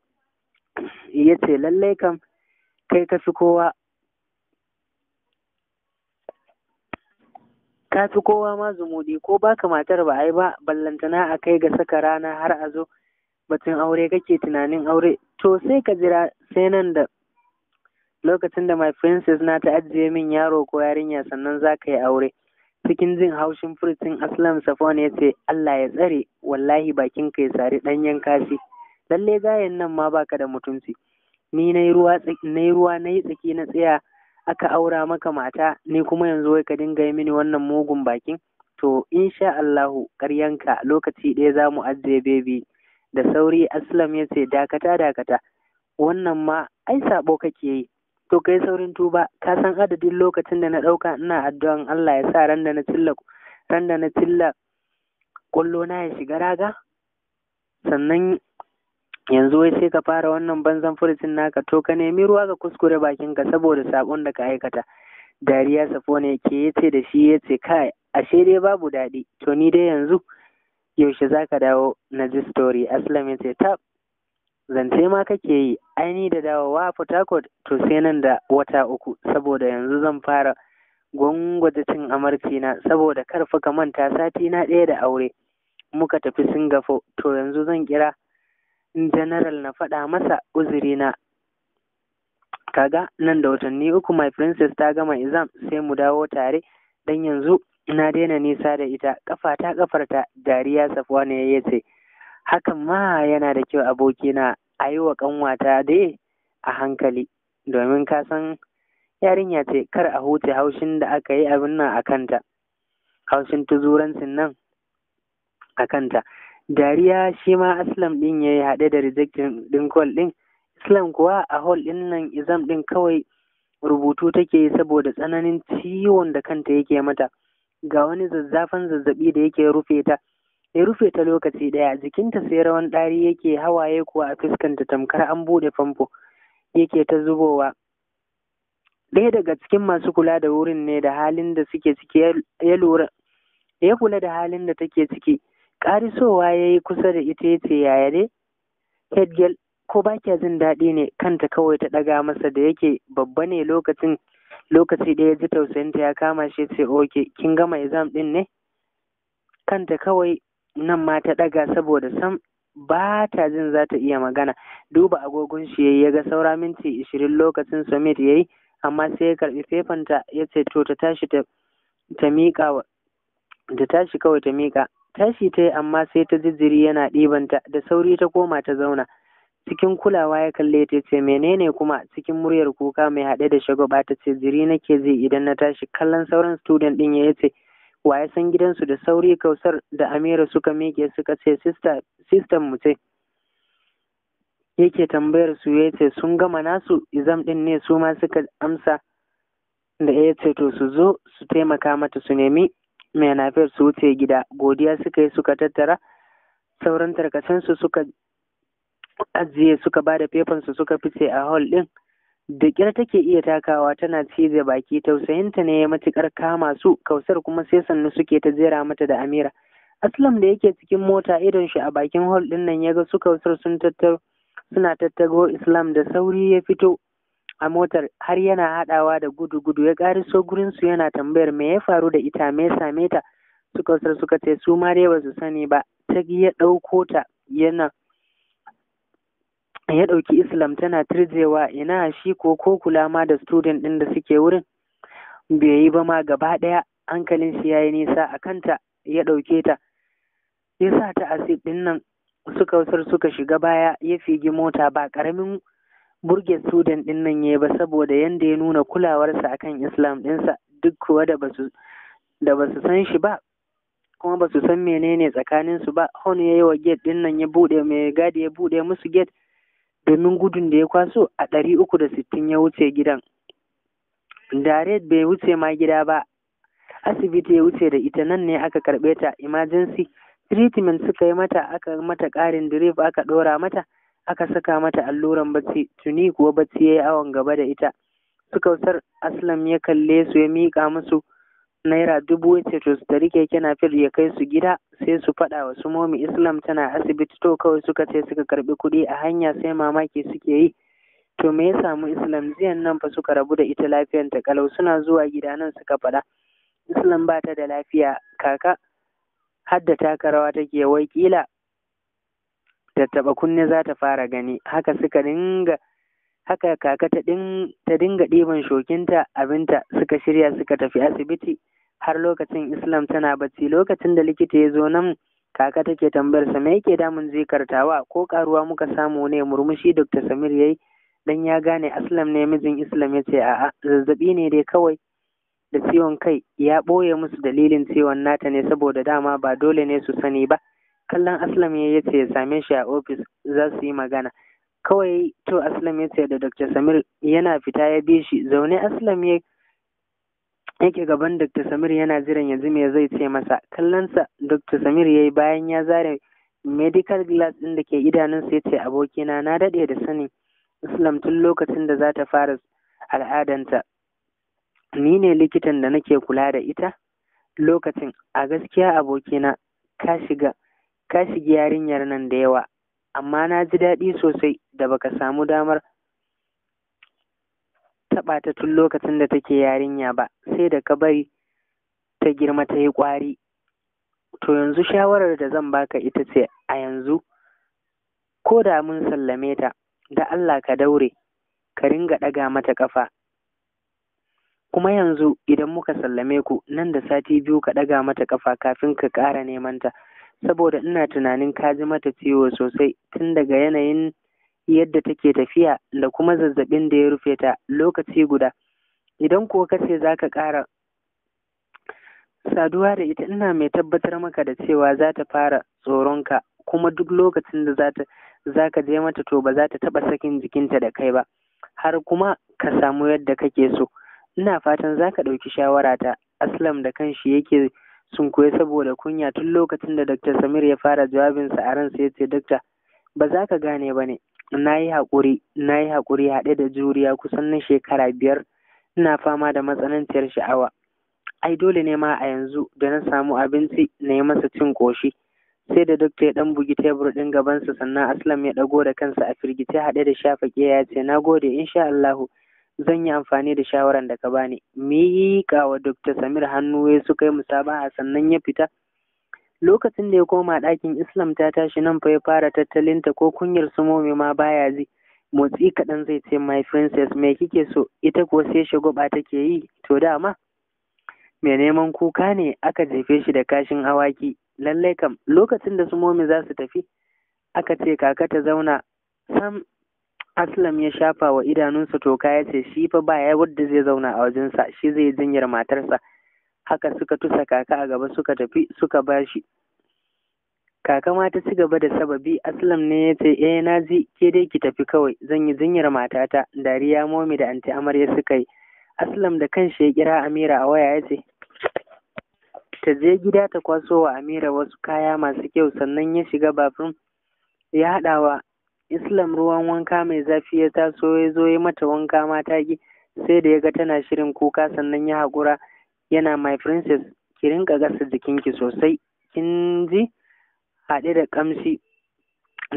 ya ce lallai kam kai ka fi kowa ka fi kowa ma zumudi ko baka matar ba ai ba ballantana a kai ga saka rana har a zo batun aure kake tunanin aure to sai ka jira sai nan da lokacin da my princess na ta ajiye min yaro ko yarinya sannan za ka yi aure cikin jin haushin furcin aslam safon ya ce allah ya tsare wallahi bakin ka ya sari ɗanyen kashi lalle gayen nan ma baka da mutunci ni na yi ruwa na yi tsaki na tsaya aka aura maka mata ni kuma yanzu wai ka dinga yi mini wannan mugun bakin to insha allahu karyanka lokaci ɗaya za mu ajiye bebi da sauri aslam ya ce dakata dakata wannan ma ai sabo kake yi to kai saurin tuba ka san adadin lokacin da na ɗauka ina addu'an Allah ya sa ran da na tilla ran da na tilla kullo na ya shiga raga sannan yanzu wai sai ka fara wannan banzan furucin naka to ka nemi ruwa ga kuskure bakin ka saboda sabon da ka aikata dariya ne ke yace da shi yace kai ashe dai babu daɗi to ni dai yanzu yaushe zaka dawo na ji story aslam yace tab zance ma kake yi aini da dawowa Port Harcourt to sai nan da wata uku saboda yanzu zan fara gwangwaje cin amarci na saboda karfa ka manta sati na ɗaya da aure muka tafi Singapore to yanzu zan kira general na faɗa masa uzuri na kaga nan da watanni uku my princess ta gama izam sai mu dawo tare dan yanzu na daina nisa da ita kafa ta kafarta dariya safuwa ne ya ce hakan ma yana da kyau abokina a yi wa ƙanwata dai a hankali domin ka san yarinya ce kar a huce haushin da aka yi abin nan a kanta haushin tuzurancin nan a kanta dariya shi ma aslam ɗin ya yi haɗe da rejectin ɗin call ɗin islam kuwa a hall ɗin nan izam ɗin kawai rubutu take yi saboda tsananin ciwon da kanta yake mata ga wani zazzafan zazzabi da yake rufe ta ya rufe ta lokaci ɗaya jikinta sai rawan ɗari yake hawaye kuwa a fuskanta tamkar an buɗe famfo yake ta zubowa Daya daga cikin masu kula da wurin ne da halin da suke ciki ya lura ya kula da halin da take ciki ƙarisowa ya yi kusa da ita yace yaya dai headgirl ko ba kya jin daɗi ne kanta kawai ta ɗaga masa da yake babba ne lokacin lokaci ɗaya ji tausayinta ya kama shi ce oke kin gama exam ɗin ne kanta kawai nan ma ta ɗaga saboda sam ba ta jin za ta iya magana duba agogon shi ya ga saura minti ishirin lokacin summit ya yi amma sai ya karɓi fefanta ya ce to ta tashi ta miƙa ta tashi kawai ta miƙa tashi ta yi amma sai ta jijjiri yana ɗibanta da sauri ta koma ta zauna cikin kulawa ya kalle ta ce menene kuma cikin muryar kuka mai haɗe da shagwaba ta ce jiri nake ji idan na tashi kallon sauran student ɗin ya ce wa ya san gidansu da sauri kausar da amira suka mike suka ce sister mu ce yake tambayar su ya ce sun gama nasu izam ɗin ne su ma suka amsa da ya ce to su zo su taimaka mata su nemi mai nafiyar su wuce gida godiya suka yi suka tattara sauran tarkacensu suka ajiye suka ba da fefansu suka fice a hall ɗin da ƙyar take iya takawa tana cize baki tausayinta ne ya matukar kama su kausar kuma sai sannu suke ta jera mata da amira aslam da yake cikin mota idon shi a bakin hall ɗin nan ya ga su kausar sun tattaro suna tattago islam da sauri ya fito a motar har yana haɗawa da gudu gudu ya so gurin su yana tambayar me ya faru da ita me ya same ta su kausar suka ce su ma dai ba su sani ba ta ya ɗauko ta yana ya ɗauki Islam tana turjewa ina shi ko ko kula ma da student ɗin da suke wurin bai yi ba ma gaba ɗaya hankalin shi yi nisa a kanta ya ɗauke ta ya sa ta asib ɗin nan suka wasar suka shiga baya ya figi mota ba ƙaramin burge student ɗin nan ya yi ba saboda yanda ya nuna kulawarsa akan Islam ɗinsa duk kuwa da basu da san shi ba kuma ba su san menene tsakaninsu ba hon ya yi wa gate ɗin nan ya buɗe mai gadi ya buɗe musu gate domin gudun da ya kwaso a ɗari uku da sittin ya wuce gidan. Dare bai wuce ma gida ba, asibiti ya wuce da ita nan ne aka karɓe ta emergency treatment suka yi mata aka mata ƙarin drip aka ɗora mata aka saka mata alluran bacci tuni kuwa bacci ya yi awon gaba da ita. Sukausar Aslam ya kalle su ya miƙa musu naira dubu ya ce to su tari keke napep ya kai su gida sai su faɗa wa su momi islam tana asibiti to kawai suka ce suka karbi kuɗi a hanya sai mamaki suke yi to me ya samu islam ziyan nan fa suka rabu da ita lafiyan ta kalau suna zuwa gida nan suka faɗa islam ba ta da lafiya kaka hadda taka rawa take wai kila tattaɓa kunne za ta fara gani haka suka dinga haka kaka ta dinga ɗiban shokinta abinta suka shirya suka tafi asibiti har lokacin islam tana bacci lokacin da likita ya zo nan kaka take tambayar sa me yake damun zai kartawa ko karuwa muka samu ne murmushi dr samir yayi dan ya gane aslam ne mijin islam ya ce a'a zazzabi ne dai kawai da ciwon kai ya ɓoye musu dalilin ciwon nata ne saboda dama ba dole ne su sani ba kallon aslam ya ce ya same shi a ofis za su yi magana kawai to Aslam ya ce da Dr. Samir yana fita ya bi shi zaune Aslam ya yake gaban Dr. Samir yana jiran yanzu me zai ce masa kallonsa Dr. Samir ya yi bayan ya zare medical glass ɗin da ke idanunsa ya ce abokina na daɗe da sani Islam tun lokacin da za ta fara al'adanta ni ne likitan da nake kula da ita lokacin a gaskiya abokina ka shiga ka shigi yarinyar nan da yawa amma na ji daɗi sosai da baka samu damar taɓa ta tun lokacin da take yarinya ba sai da ka bari ta girma ta yi ƙwari to yanzu shawarar da zan baka ita ce a yanzu ko da mun sallame ta da Allah ka daure ka ringa ɗaga mata ƙafa kuma yanzu idan muka sallame ku nan da sati biyu ka ɗaga mata ƙafa kafin ka ƙara neman ta saboda ina tunanin ka ji mata ciwo sosai tun daga yanayin yadda take tafiya da kuma zazzabin da ya rufe ta lokaci guda idan kuwa ka ce za ka ƙara saduwa da ita ina mai tabbatar maka da cewa za ta fara tsoronka kuma duk lokacin da za ka je mata to ba za ta taɓa sakin jikinta da kai ba har kuma ka samu yadda kake so ina fatan za ka ɗauki shawarata aslam da kanshi yake Sun koyi saboda kunya tun lokacin da Dr. Samir ya fara jawabinsa a ransa ya ce Dokta ba za ka gane ba ne na yi haƙuri na yi haɗe da juriya kusan na shekara biyar ina fama da matsananciyar sha'awa ai dole ne ma a yanzu da na samu abinci na yi masa cin ƙoshi sai da dokta ya ɗan bugi tebur ɗin gabansa sannan aslam ya ɗago da kansa a firgice haɗe da shafaƙe ya ce na gode insha Allahu Zan yi amfani da shawaran da ka bani. wa Dr. Samir hannu ya suka yi musabaha sannan ya fita. Lokacin da ya koma ɗakin Islam ta tashi nan fa ya fara tattalinta ko kunyar su momi ma baya ji. Motsi kaɗan zai ce my princess me kike so ita ko sai shagoba take yi to dama. Mai neman kuka ne aka jefe shi da kashin awaki lallai kam lokacin da su momi za su tafi aka ce kaka ta zauna sam Aslam ya shafa wa idanunsa toka ya ce shi fa ba ya wadda zai zauna a wajensa shi zai jinyar matarsa haka suka tusa kaka a gaba suka tafi suka bashi kaka ma ta ci gaba da sababi Aslam ne ya ce eh na ji ke dai ki tafi kawai zan yi jinyar matata dariya momi da anti amarya suka yi Aslam da kanshi ya kira Amira a waya ya ce ta je gida ta kwaso wa Amira wasu kaya masu kyau sannan ya shiga bafin. ya haɗa Islam ruwan wanka mai zafi ya taso ya zo ya mata wanka mata ki sai da ya ga tana shirin kuka sannan ya haƙura yana my princess ki rinka gasa jikinki sosai kin ji haɗe da ƙamshi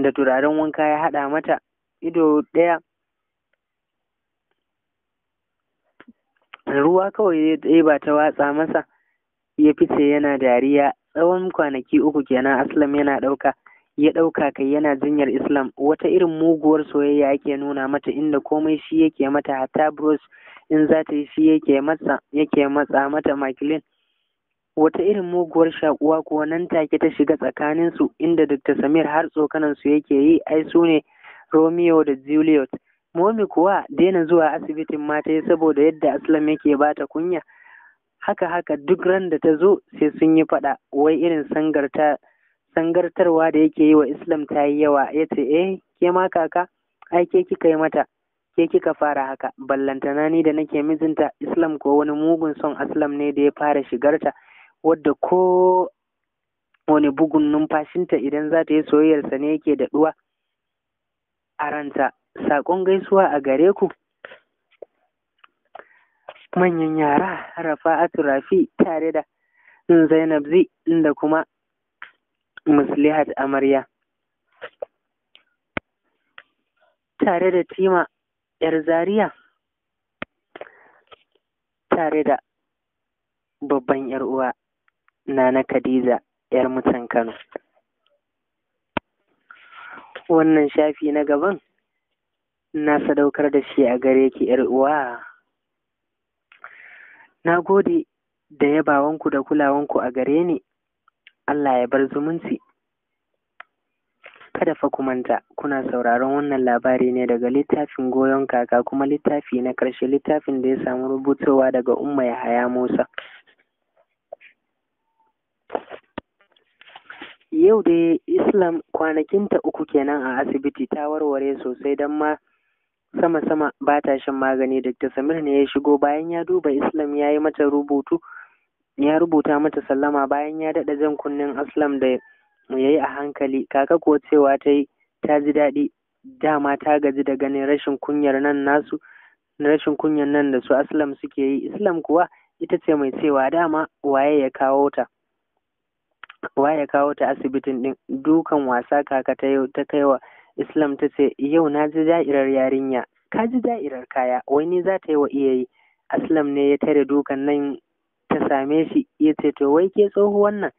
da turaren wanka ya haɗa mata ido ɗaya ruwa kawai ya ɗeba ta watsa masa ya fice yana dariya tsawon kwanaki uku kenan aslam yana ɗauka ya ɗauka kai yana jinyar Islam wata irin muguwar soyayya ake nuna mata inda komai shi yake mata hatta bros in za ta yi shi yake matsa yake matsa mata makilin wata irin muguwar shakuwa ko nan take ta shiga tsakanin su inda Dr. Samir har tsokanan su yake yi ai su ne Romeo da Juliet Momi kuwa daina zuwa asibitin mata saboda yadda Aslam yake bata kunya haka haka duk ran da ta zo sai sun yi faɗa wai irin sangarta sangartarwa da yake yi wa Islam ta yi yawa ya ce eh ke ma kaka ai ke kika yi mata ke kika fara haka ballantana ni da nake mijinta Islam ko wani mugun son Islam ne da ya fara shigarta wadda ko wani bugun numfashinta idan za ta yi soyayyarsa ne yake da ɗuwa a ranta saƙon gaisuwa a gare ku manyan yara rafa'atu rafi tare da zainab zi inda kuma Muslihat amarya tare da Tima ‘yar zariya tare da babban ‘yar uwa Nana Khadija ‘yar mutan Kano. Wannan shafi na gaban na sadaukar da shi a gare ki ‘yar uwa. Na gode da yabawanku da kulawanku a gare ni Allah ya bar zumunci. Kada fa ku manta, kuna sauraron wannan labari ne daga littafin goyon kaka kuma littafi na ƙarshe littafin da ya samu rubutowa daga Umma Yahaya Musa. Yau da Islam kwanakinta uku kenan a asibiti ta warware sosai don ma sama-sama ba ta shan magani Dr. Samir ne ya shigo bayan ya duba Islam ya yi mata rubutu ya rubuta mata sallama bayan ya daɗa jan kunnen aslam da ya yi a hankali kaka kuwa cewa ta yi ta ji daɗi dama ta gaji da ganin rashin kunyar nan nasu rashin kunyar nan da su aslam suke yi islam kuwa ita ce mai cewa dama waye ya kawo ta waye ya kawo ta asibitin din dukan wasa kaka ta yau ta kaiwa islam ta ce yau na ji da'irar yarinya ka ji da'irar kaya wai ni za ta yi wa iyayi aslam ne ya tare dukan nan ta same shi ya ce to wai ke tsoho wannan.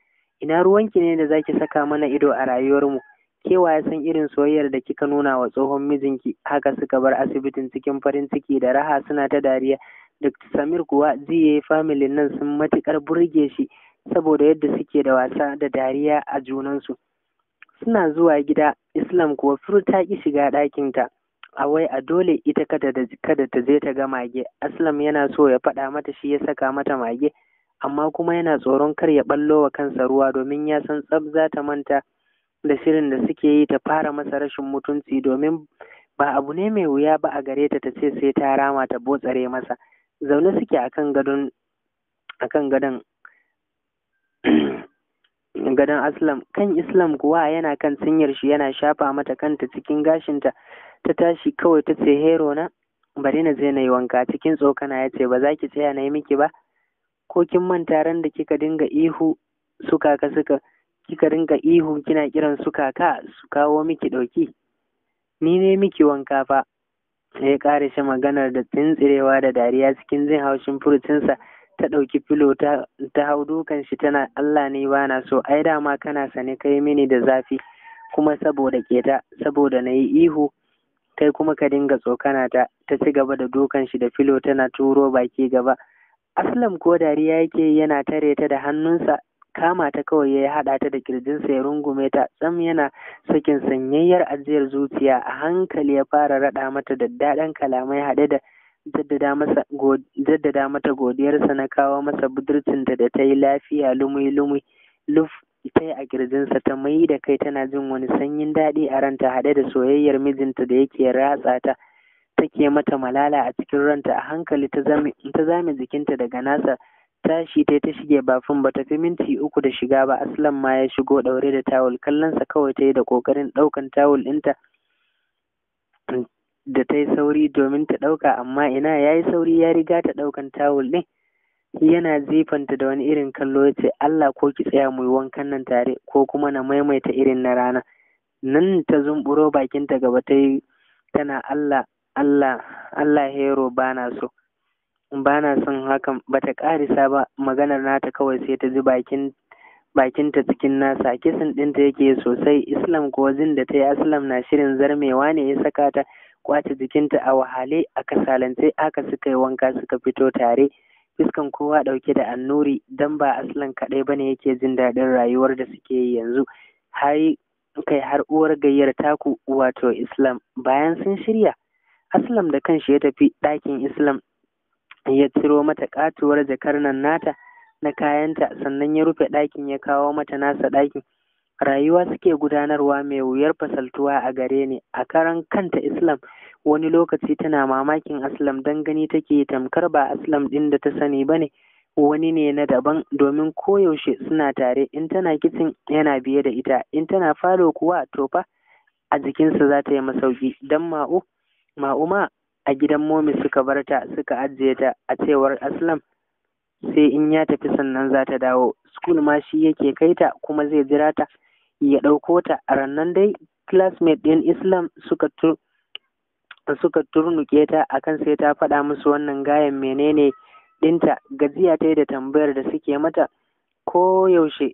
ina ruwanki ne da zaki saka mana ido a rayuwarmu ke ya san irin soyayyar da kika nuna wa tsohon mijinki haka suka bar asibitin cikin farin ciki da raha suna ta dariya Dr. Samir kuwa zai yi familin nan sun matukar burge shi saboda yadda suke da wasa da dariya a junansu. Suna zuwa gida, Islam kuwa fur ta ki shiga ɗakinta. a wai a dole ita kada ta je ta ga mage aslam yana so ya faɗa mata shi ya saka mata mage amma kuma yana tsoron kar ya ɓallo wa kansa ruwa domin ya san tsab za ta manta da shirin da suke yi ta fara masa rashin mutunci domin ba abu ne mai wuya ba a gare ta ta ce sai ta rama ta botsare masa zaune suke akan gadon akan gadon aslam kan islam kuwa yana kan cinyar shi yana shafa mata kanta cikin gashinta ta tashi kawai ta ce hero na bari na je na yi wanka cikin tsokana ya ce ba za ki tsaya na yi miki ba ko kin manta ran da kika dinga ihu suka ka suka kika dinga ihu kina kiran suka ka su kawo miki ɗauki ni ne miki wanka fa ya ƙara shi maganar da tsintsirewa da dariya cikin jin haushin furucinsa ta ɗauki filo ta hau dukan shi tana Allah ne bana so ai dama kana sane kai mini da zafi kuma saboda keta saboda na yi ihu kai kuma ka dinga tsokana ta ta ci gaba da dukan shi da filo tana turo baki gaba aslam ko dariya yake yana tare ta da hannunsa kama ta kawai ya haɗa ta da kirjinsa ya rungume ta tsam yana sakin sanyayyar ajiyar zuciya a hankali ya fara raɗa mata da daɗan kalamai haɗe da jaddada mata godiyarsa na kawo masa budurcinta da ta yi lafiya lumi-lumi. ita a ƙirjinsa ta mai da kai tana jin wani sanyin daɗi a ranta haɗe da soyayyar mijinta da yake ratsa ta take mata malala a cikin ranta a hankali ta zame jikinta daga nasa tashi ta ta shige bafin ba ta tafi minti uku da shiga ba aslan ma ya shigo ɗaure da tawul kallonsa kawai ta yi da ƙoƙarin ɗaukan tawul ɗinta da ta yi sauri domin ta ɗauka amma ina ya yi sauri ya riga ta ɗaukan tawul ɗin yana zifanta da wani irin kallo ya ce Allah ko ki tsaya mu yi wankan nan tare ko kuma na maimaita irin na rana nan ta zumburo bakinta gaba ta yi tana Allah Allah Allah hero bana so bana son hakan bata karisa ba maganar nata kawai sai ta ji bakin bakinta cikin nasa kisan ɗinta yake sosai islam ko da ta yi Islam, na shirin zarmewa ne ya saka ta kwace jikinta a wahale a kasalance aka suka yi wanka suka fito tare Fiskan kowa ɗauke da annuri dan ba Aslan kaɗai ba ne yake jin daɗin rayuwar da suke yi yanzu. Har kai har uwar gayyar taku wato Islam bayan sun shirya. Aslam da kanshi ya tafi ɗakin Islam ya ciro mata katuwar jakar nan nata na kayanta sannan ya rufe ɗakin ya kawo mata nasa ɗakin. Rayuwa suke gudanarwa mai wuyar fasaltuwa a gare ni a karan kanta Islam wani lokaci tana mamakin aslam don gani take tamkar ba aslam ɗin da ta sani ba ne wani ne na daban domin koyaushe suna tare in tana kicin yana biye da ita in tana falo kuwa to fa a jikinsa za ta yi masauki don ma'u ma'u a gidan momi suka barta, suka ajiye ta a cewar aslam sai in ya tafi sannan za ta dawo school ma shi yake kaita, kuma zai jira ta ya ɗauko ta rannan dai classmate ɗin islam suka da suka turnuke ta akan sai ta faɗa musu wannan gayan menene dinta gajiya ta yi da tambayar da suke mata ko yaushe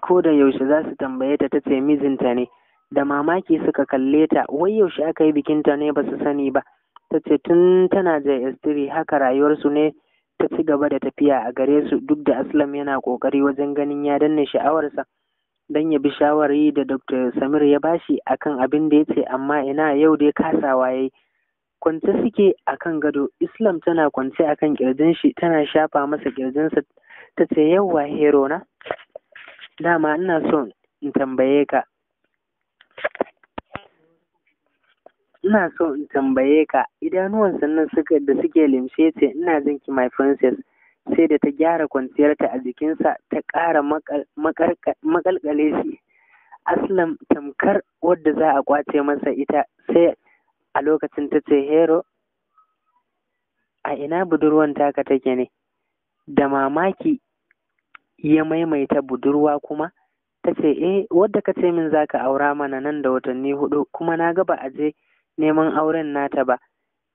ko da yaushe za su tambaye ta ta mijinta ne da mamaki suka kalle ta wai yaushe aka yi bikinta ne ba su sani ba ta ce tun tana da 3 haka rayuwarsu ne ta ci gaba da tafiya a gare su duk da aslam yana ƙoƙari wajen ganin ya danne sha'awarsa don ya bi shawari da Dr. Samir ya bashi akan abin da ya ce amma ina yau dai kasawa yayi kwance suke akan gado Islam tana kwance akan kirjin shi tana shafa masa kirjinsa ta ce yauwa hero na dama ina so in tambaye ka ina so in tambaye ka idanuwan sannan suka da suke limshe ce ina jinki my princess sai da ta gyara kwanciyarta a jikinsa ta ƙara makalƙale shi aslam tamkar wadda za a kwace masa ita sai a lokacin ta ce hero a ina budurwan taka take ne da mamaki ya maimaita budurwa kuma ta ce eh wadda ka ce min za ka aura mana nan da watanni hudu kuma na ga ba a je neman auren nata ba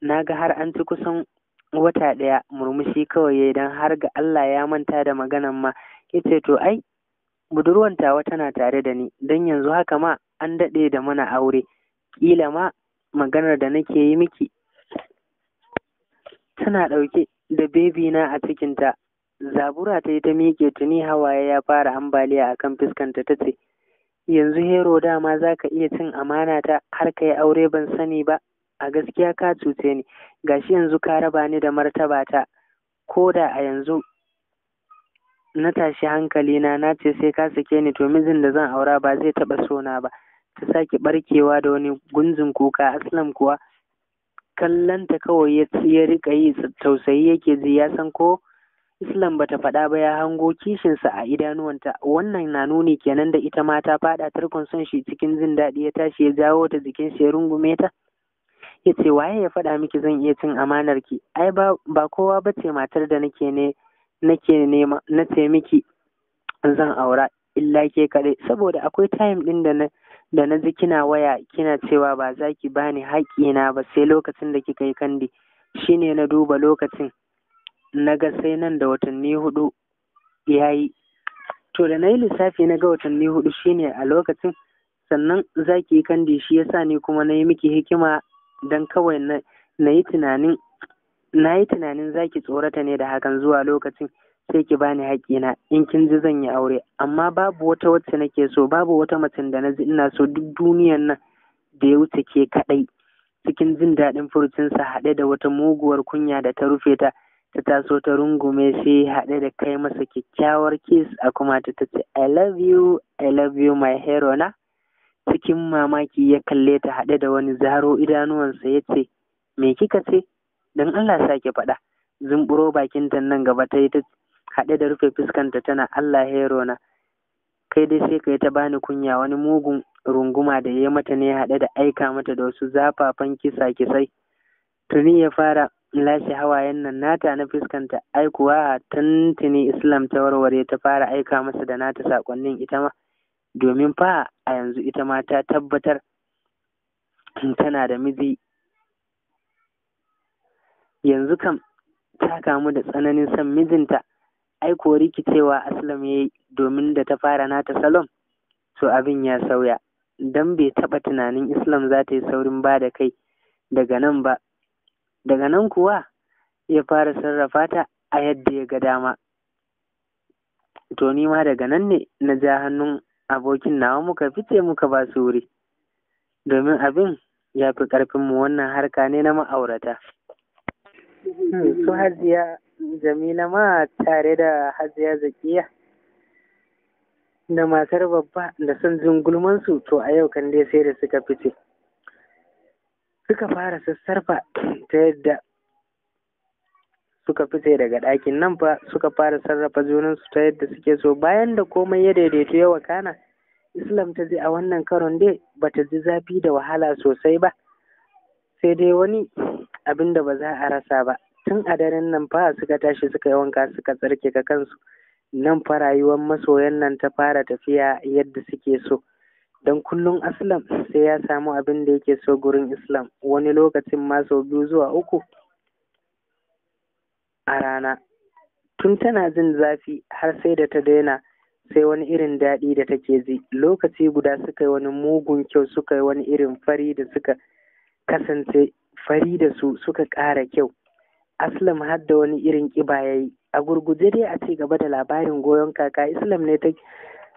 na ga har an ci kusan wata ɗaya murmushi kawai ya don har ga Allah ya manta da maganan ma yace to ai budurwan tawa tana tare da ni don yanzu haka ma an daɗe da mana aure ƙila ma maganar da nake yi miki tana ɗauke da bebi na a cikinta zabura ta yi ta miƙe tuni hawaye ya fara ambaliya a kan fuskanta ta ce yanzu hero dama za ka iya cin amana ta har ka yi aure ban sani ba a gaskiya ka cuce ni gashi yanzu ka raba ni da martabata ko da a yanzu na tashi hankali na ce sai ka sake ni to mijin da zan aura ba zai taɓa sona ba ta sake barkewa da wani gunjin kuka aslam kuwa ta kawai ya ya rika yi tausayi yake ji ya san ko islam bata faɗa ba ya hango kishinsa a idanuwanta wannan na nuni kenan da ita ma ta faɗa tarkon son shi cikin jin daɗi ya tashi ya jawo ta jikin shi ya rungume ta ya ce waye ya faɗa miki zan iya cin amanar ki ai ba kowa ba ce matar da nake ne nake nema na ce miki zan aura illa ke kaɗai saboda akwai time ɗin da na da na ji kina waya kina cewa ba za ki bani haƙƙina ba sai lokacin da kika yi kandi shine na duba lokacin na ga sai nan da watanni hudu ya yi to da na yi lissafi na ga watanni hudu shine a lokacin sannan za ki yi kandi shi yasa ni kuma na yi miki hikima don kawai na yi tunanin na tunanin za ki tsorata ne da hakan zuwa lokacin sai ki bani haƙƙina in kin ji zan yi aure amma babu wata wacce nake so babu wata macen da na ji ina so duk duniyan nan da ya wuce ke kaɗai cikin jin daɗin furcinsa haɗe da wata muguwar kunya da ta rufe ta ta taso ta rungume sai haɗe da kai masa kyakkyawar kiss a kuma ta ce i love you i love you my hero na cikin mamaki ya kalle ta haɗe da wani zaro idanuwansa ya ce me kika ce don allah sake faɗa zumburo bakinta nan gaba ta yi ta haɗe da rufe fuskanta tana allah herona kai dai sai ka yi ta bani kunya wani mugun runguma da ya mata ne haɗe da aika mata da wasu zafafan kisa kisai tuni ya fara lashe hawayen nan nata na fuskanta aikuwa tantuni islam ta warware ta fara aika masa da nata sakonnin ita ma domin fa a yanzu ita ma ta tabbatar tana da miji yanzu kam ta kamu da tsananin son mijinta ai ko rikicewa aslam ya yi domin da ta fara nata salon to abin ya sauya Dan bai taba tunanin islam za ta yi saurin ba da kai daga nan ba daga nan kuwa ya fara sarrafa ta a yadda ya ga dama to ni ma daga nan ne na ja hannun abokin nawa muka fice muka ba su wuri domin abin ya fi ƙarfinmu wannan harka ne na ma'aurata hmm. su hajiya jamila ma tare da hajiya zakiya da matar babba da son jin gulmansu to a yau kan dai sai da suka fice suka fara sassarfa ta yadda suka fice daga ɗakin nan fa suka fara sarrafa junansu ta yadda suke so bayan da komai ya daidaito ya wakana islam ta ji a wannan karon dai ta ji zafi da wahala sosai ba sai dai wani abin da ba za a rasa ba tun a daren nan fa suka tashi suka yi wanka suka ka kansu nan fa rayuwar masoyan nan ta fara tafiya yadda suke so don kullum aslam sai ya samu abin da yake so gurin islam wani lokacin ma sau biyu zuwa uku a rana tun tana jin zafi har sai da ta daina sai wani irin daɗi da take ji lokaci guda suka yi wani mugun kyau suka yi wani irin fari da suka kasance fari da su suka ƙara kyau aslam har da wani irin ƙiba ya yi a gurguje dai a ci gaba da labarin goyon kaka islam ne ta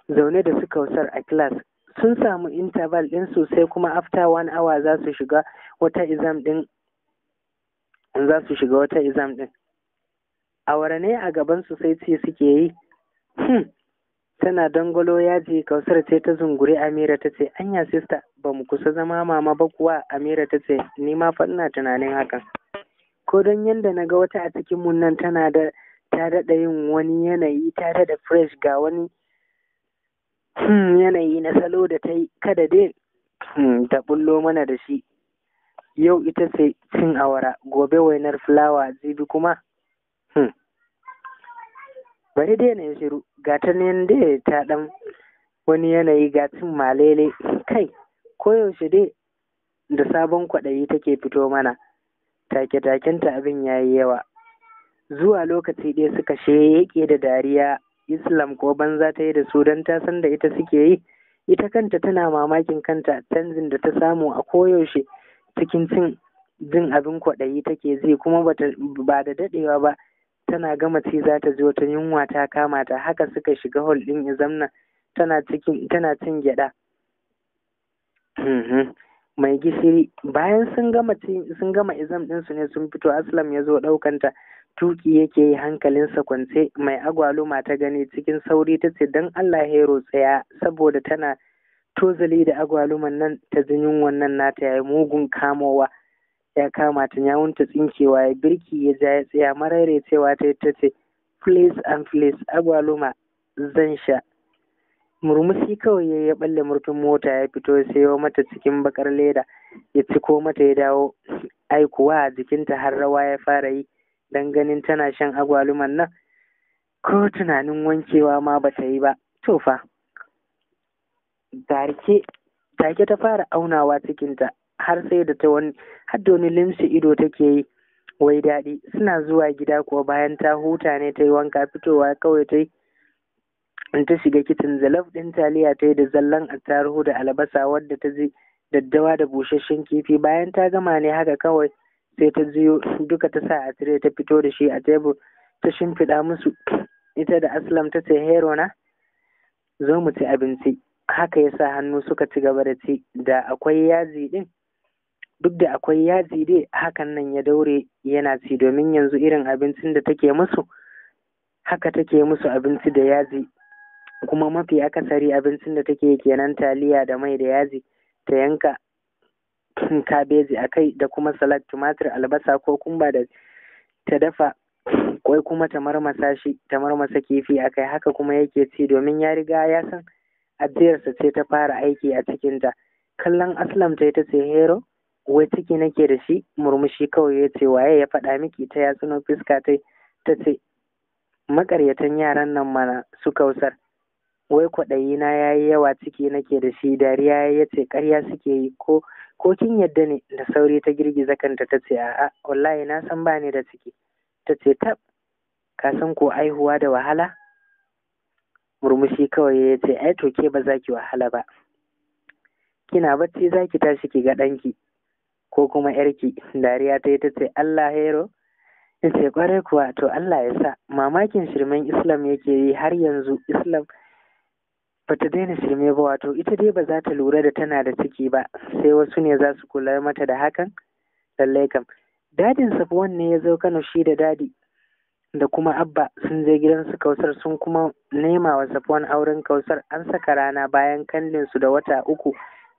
zaune da su kausar a class sun samu interval ɗin sosai kuma after one hour za su shiga wata izam ɗin ɗin awara ne a gabansu sai ce suke yi hmm. tana dangwalo ya yaji kausar ce ta zunguri amira ta ce anya sista ba mu kusa zama mama ba kuwa amira ta ce ni ma fa ina tunanin hakan ko don yadda na ga wata a cikin mun nan tana da ta daɗa yin wani yanayi ta daɗa fresh ga wani hmm, yanayi na salo da ta yi kada dai hmm, ta bullo mana da shi yau ita ce cin awara gobe wainar fulawa jibi kuma bari dai na yi shiru ga ta nan dai ta ɗan wani yanayi ga cin malele kai koyaushe dai da sabon kwaɗayi take fito mana take-takenta abin ya yi yawa zuwa lokaci ɗaya suka sheƙe da dariya islam ko banza ta yi da su don ta san da ita suke yi ita kanta tana mamakin kanta canjin da ta samu a koyaushe cikin cin jin abin kwaɗayi take ji kuma ba da daɗewa ba tana gama ci za ta ji wata yunwa ta kama ta haka suka shiga hol din izamna tana cikin tana cin gyaɗa mm-hmm. mai gishiri bayan sun gama sun gama izam din su ne sun fito aslam ya zo ɗaukanta tuki yake yi hankalinsa kwance mai agwaluma ta gani cikin sauri ta ce don allah hero tsaya saboda tana tozali da agwaluman nan ta jinin wannan nata yayi mugun kamowa ya kama ta ta tsinkewa ya birki ya ja ya tsaya marare cewa ta ta ce please and please agwaluma zan sha murmushi kawai ya ya balle murfin mota ya fito ya sayo mata cikin bakar leda ya ciko mata ya dawo aikuwa kuwa jikinta har rawa ya fara yi dan ganin tana shan agwaluman nan ko tunanin wankewa ma bata yi ba to fa take ta fara aunawa cikinta har sai da ta wani har da limsi ido take yi wai daɗi suna zuwa gida kuwa bayan ta huta ne ta yi wanka fitowa kawai ta yi ta shiga kitin zalaf ɗin taliya ta yi da zallan attaruhu da albasa wadda ta ji daddawa da busasshen kifi bayan ta gama ne haka kawai sai ta ziyo duka ta sa a tire ta fito da shi a tebur ta shimfiɗa musu ita da aslam ta ce hero na zo mu ci abinci haka ya sa hannu suka ci gaba da ci da akwai yaji ɗin duk da akwai yaji dai hakan nan ya daure yana ci domin yanzu irin abincin da take musu haka take musu abinci da yaji kuma mafi akasari abincin da take kenan taliya da mai da yaji ta yanka kabeji a kai da kuma salad tumatir albasa ko kumba da ta dafa kwai kuma ta marmasa shi ta marmasa kifi a kai haka kuma yake ci domin ya riga ya san ajiyarsa ce ta fara aiki a cikinta kallon aslam ta ta ce hero wai ciki nake da shi murmushi kawai ya ce waye ya faɗa miki ta yatsunan fuska ta ta ce makaryatan yaran nan mana su kausar wai kwaɗayi na ya yi yawa ciki nake da shi dariya ya ce ƙarya suke yi ko ko kin yadda ne da sauri ta girgiza kanta ta ce a'a wallahi na san ba da ciki ta ce tab ka san ko aihuwa da wahala murmushi kawai ya ce ai to ke ba za ki wahala ba kina bacci za ki tashi ki ga ɗanki ko kuma yarki dariya ta yi ta ce Allah hero in ce kwarai kuwa to Allah ya sa mamakin shirmen islam yake yi har yanzu islam ba ta daina shirme ba wato ita dai ba za ta lura da tana da ciki ba sai wasu ne za su kula mata da hakan lallai kam dadin safuwan ne ya zo kano shi da dadi da kuma abba sun je gidan su kausar sun kuma nema wa safuwan auren kausar an saka rana bayan kandinsu da wata uku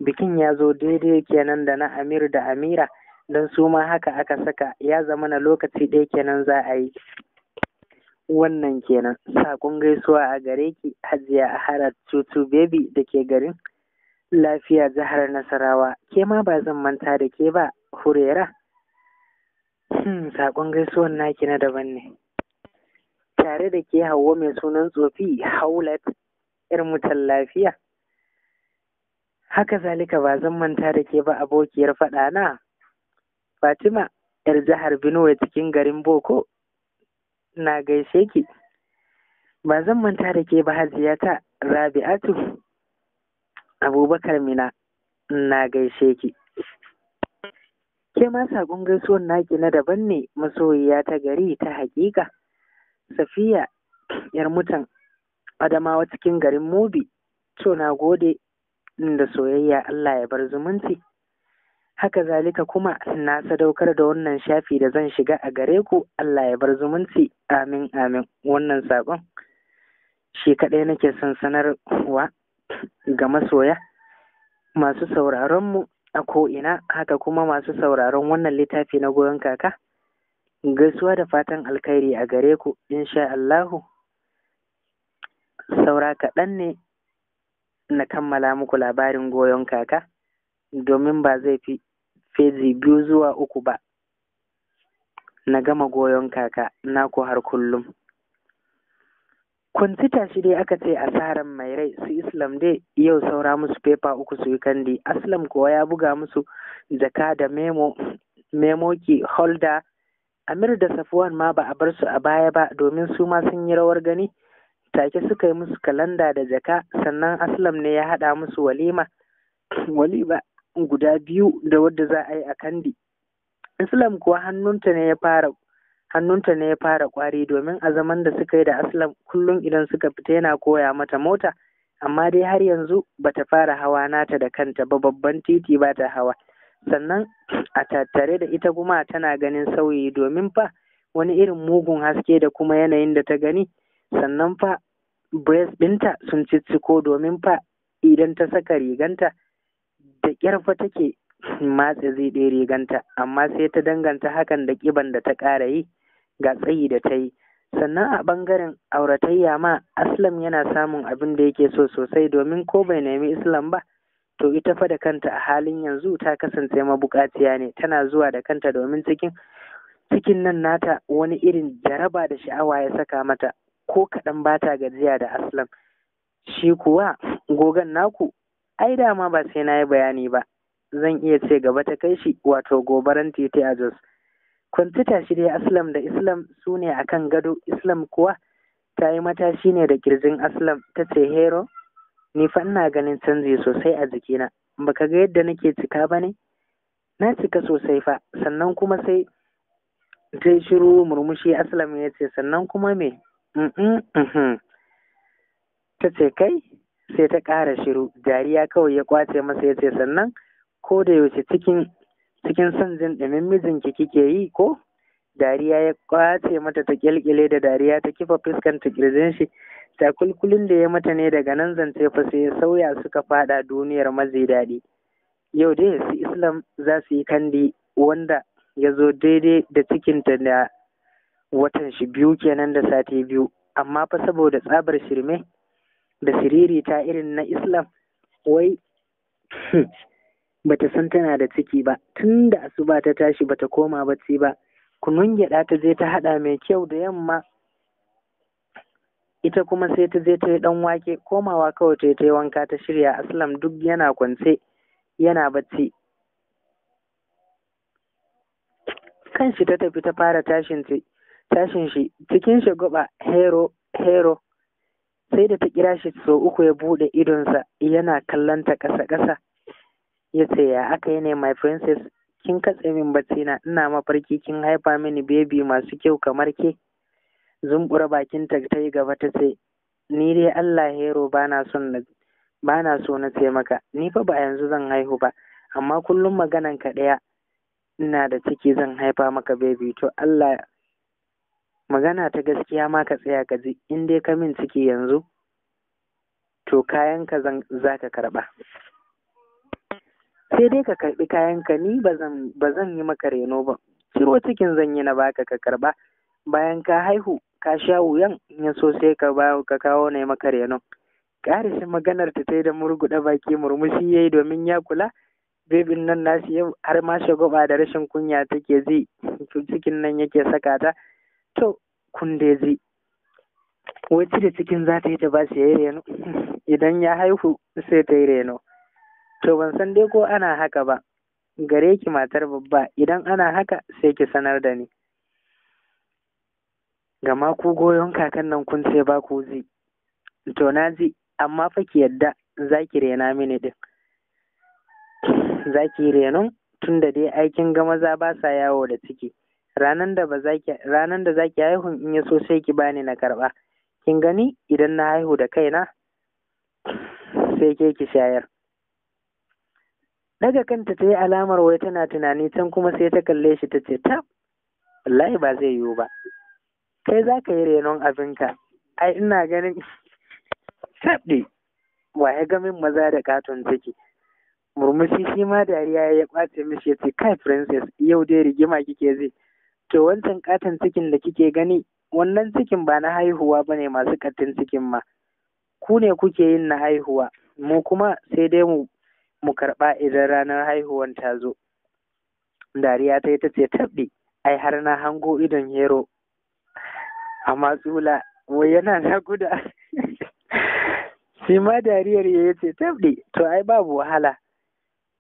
bikin ya zo daidai kenan da na Amir da Amira don su ma haka aka saka ya zama na lokaci ɗaya kenan za a yi wannan kenan saƙon gaisuwa a gare ki hajiya a harar tutu baby da ke garin lafiya jihar nasarawa ke ma ba zan manta da ke ba hurera hmm, saƙon gaisuwan naki na daban ne tare da ke Hauwa mai sunan tsofi haulat 'yar mutan lafiya haka zalika ba zan manta da ke ba abokiyar faɗa na fatima yar jihar binuwa cikin garin boko na gaishe ki ba zan manta da ke ba hajiyata rabi'atu abubakar mina na gaishe ki ke ma saƙon gaisuwan naki na daban ne masoyiya ta gari ta haƙiƙa safiya yar mutan adamawa cikin garin mobi to na gode da soyayya Allah ya bar zumunci haka zalika kuma na sadaukar da wannan shafi da zan shiga a gare ku Allah ya bar zumunci amin amin wannan saƙon shi kaɗai nake son sanarwa ga masoya masu sauraronmu a ko'ina haka kuma masu sauraron wannan littafi na goyon kaka gaisuwa da fatan alkhairi a gare ku insha Allahu saura kaɗan ne na kammala muku labarin goyon kaka domin ba zai fi feji biyu zuwa uku ba na gama goyon kaka naku har kullum kwantita shi dai aka ce a tsarin mai rai su islam dai yau saura musu fefa uku su yi kandi aslam kuwa ya buga musu jaka da memo memoki holda amir da safuwan ma ba a bar su a baya ba domin su ma sun yi rawar gani take suka yi musu kalanda da jaka sannan aslam ne ya haɗa musu walima walima guda biyu da wadda za a yi a kandi aslam kuwa hannunta ne ya fara hannunta ne ya fara kwari domin a zaman da suka yi da aslam kullum idan suka fita yana koya mata mota amma dai har yanzu bata fara hawa nata da kanta ba babban titi ba ta hawa sannan a tattare da ita kuma tana ganin sauyi domin fa wani irin mugun haske da kuma yanayin da ta gani sannan fa breast ɗinta sun cicciko domin fa idan ta saka riganta da ƙyar fa take matse zai ɗaya riganta amma sai ta danganta hakan da ƙiban da ta ƙara yi ga tsayi da ta yi sannan a ɓangaren auratayya ma aslam yana samun abin da yake so sosai domin ko bai nemi islam ba to ita fa da kanta a halin yanzu ta kasance mabuƙaciya ne tana zuwa da kanta domin cikin cikin nan nata wani irin jaraba da sha'awa ya saka mata ko kaɗan ba ta gajiya da aslam shi kuwa gogan naku ai dama ba sai na yi bayani ba zan iya ce gaba ta kai shi wato gobaran titi a jos kwantita shi dai aslam da islam su ne a kan gado islam kuwa ta yi matashi ne da kirjin aslam ta ce hero ni fa ina ganin canji sosai a jikina baka ga yadda nake cika ba ne na cika sosai fa sannan kuma sai ta shiru murmushi aslam ya ce sannan kuma me Mm-hmm. ta ce kai sai ta ƙara shiru dariya kawai ya kwace masa ya ce sannan ko da yaushe cikin cikin son jin ɗumin mijinki kike yi ko dariya ya kwace mata ta ƙilƙile da dariya ta kifa fuskanta ƙirjin shi ta kulkulin da ya mata ne daga nan zance fa sai ya sauya suka faɗa duniyar mazi daɗi yau dai su islam za su yi kandi wanda ya zo daidai da cikinta da watan shi biyu kenan da sati biyu amma fa saboda tsabar shirme da siriri ta irin na islam wai bata san tana da ciki ba tun da asuba ta tashi bata koma bacci ba kunun gyaɗa ta je ta haɗa mai kyau da yamma ita kuma sai ta je ta yi ɗan wake komawa kawai ta yi ta yi wanka ta shirya aslam duk yana kwance yana bacci kan shi ta tafi ta fara tashin ce tashin shi cikin shagwaba hero hero sai da ta kira shi sau uku ya bude idonsa yana kallonta ƙasa ƙasa ya ce ya aka yi ne my princess kin katse min bacci na ina mafarki kin haifa mini baby masu kyau kamar ke zumbura bakin ta ta yi gaba ta ce ni dai Allah hero bana son na bana so na ce maka ni fa ba yanzu zan haihu ba amma kullum maganan ka ɗaya ina da ciki zan haifa maka baby to Allah magana ta gaskiya ma ka tsaya ka ji in dai ka min ciki yanzu to kayan zan za ka karɓa sai dai ka karɓi kayanka ni ba zan yi maka reno ba ciro cikin zan yi na baka ka karɓa bayan ka haihu ka sha wuyan ya so sai ka ba ka kawo na maka renon ƙarishin maganar ta ta yi da murguɗa baki murmushi ya yi domin ya kula bebin nan nasu yau har ma shagwaba da rashin kunya take ji cikin nan yake saka ta to kun dai wai cire cikin za ta yi da ba su ya reno idan ya haihu sai ta yi reno to ban san dai ko ana haka ba gare ki matar babba idan ana haka sai ki sanar da ni gama ku goyon kakan nan kun sai ba ku ji to na ji amma fa ki yadda za ki rena mini din za ki renon tun da dai aikin ga maza ba sa yawo da ciki ranan da ba zaki ranan da zaki haihu in ya so sai ki bani na karba kin gani idan na haihu da kaina sai ke ki shayar daga kanta ta yi alamar wai tana tunani can kuma sai ta kalle shi ta ce ta wallahi ba zai yiwu ba kai za ka yi renon abinka ai ina ganin sabdi wa ya ga min maza da katon ciki murmushi shi ma dariya ya ɓace mishi ya ce kai princess yau dai rigima kike zai to wancan katin cikin da kike gani wannan cikin ba na haihuwa ba ne masu katin cikin ma ku ne kuke yin na haihuwa mu kuma sai dai mu karɓa idan ranar haihuwan ta zo dariya ta yi ta ce tabbi ai har na hango idon hero amma tsula wai yana na guda shi ma dariyar ya ce tabbi to ai babu wahala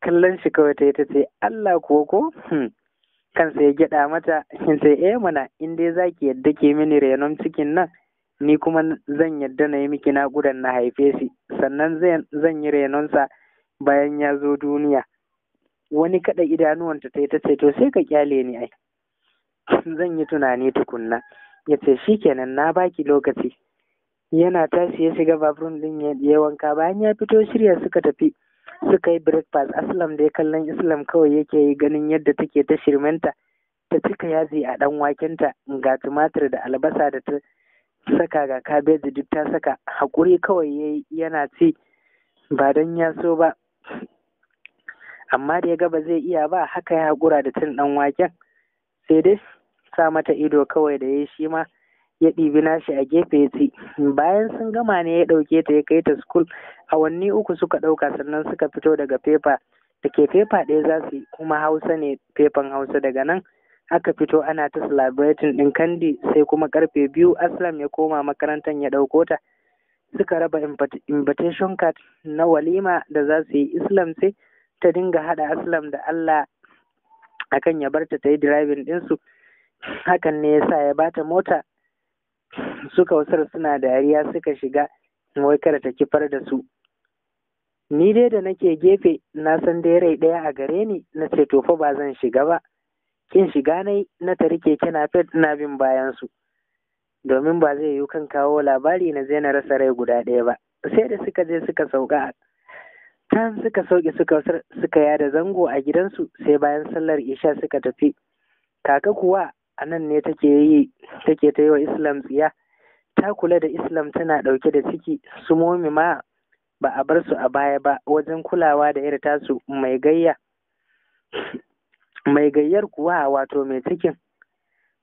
kallon shi kawai ta yi ta ce allah kuwa ko hmm. kansa ya gyada mata sai eh mana in dai za ki yadda ke mini renon cikin nan ni kuma zan yadda na yi miki naƙudan na haife shi sannan zan yi renonsa bayan ya zo duniya wani kaɗa idanuwanta ta yi ta ce to sai ka kyale ni ai zan yi tunani tukunna ya ce kenan na baki lokaci yana tashi ya shiga babur din ya wanka bayan ya fito shirya suka tafi suka yi breakfast aslam ya kallon islam kawai yake yi ganin yadda take ta shirmenta ta cika yaji a ɗan wakenta ga tumatir da albasa da ta saka ga kabeji duk ta saka hakuri kawai yana ci ba don ya so ba amma da ya ga ba zai iya ba haka ya hakura da cin ɗan waken sai dai sa mata ido kawai da ya shi ma ya ɗibi nashi a gefe ya ce bayan sun gama ne ya ɗauke ta ya kai ta skul awanni uku suka ɗauka sannan suka fito daga fefa da ke fefa ɗaya za su kuma hausa ne fefan hausa daga nan aka fito ana ta celebrating ɗin kandi sai kuma karfe biyu aslam ya koma makarantar ya ɗauko ta suka raba invitation card na walima da za su yi islam sai ta dinga haɗa aslam da allah akan ya barta ta yi driving ɗinsu hakan ne ya sa ya bata mota su kausar suna dariya suka shiga wai kada ta kifar da su ni dai da nake gefe na san dai rai ɗaya a gare ni na ce to fa ba zan shiga ba kin shiga nai na tari keke na fet na bin bayan su domin ba zai yiwu kan kawo labari na zai na rasa rai guda ɗaya ba sai da suka je suka sauka can suka sauke suka suka yada zango a gidansu sai bayan sallar isha suka tafi kaka kuwa a nan ne take yi take ta yi wa islam tsiya ta kula da islam tana ɗauke da ciki su momi ma ba a bar su a baya ba wajen kulawa da irin tasu mai gayya mai gayyar kuwa wato mai cikin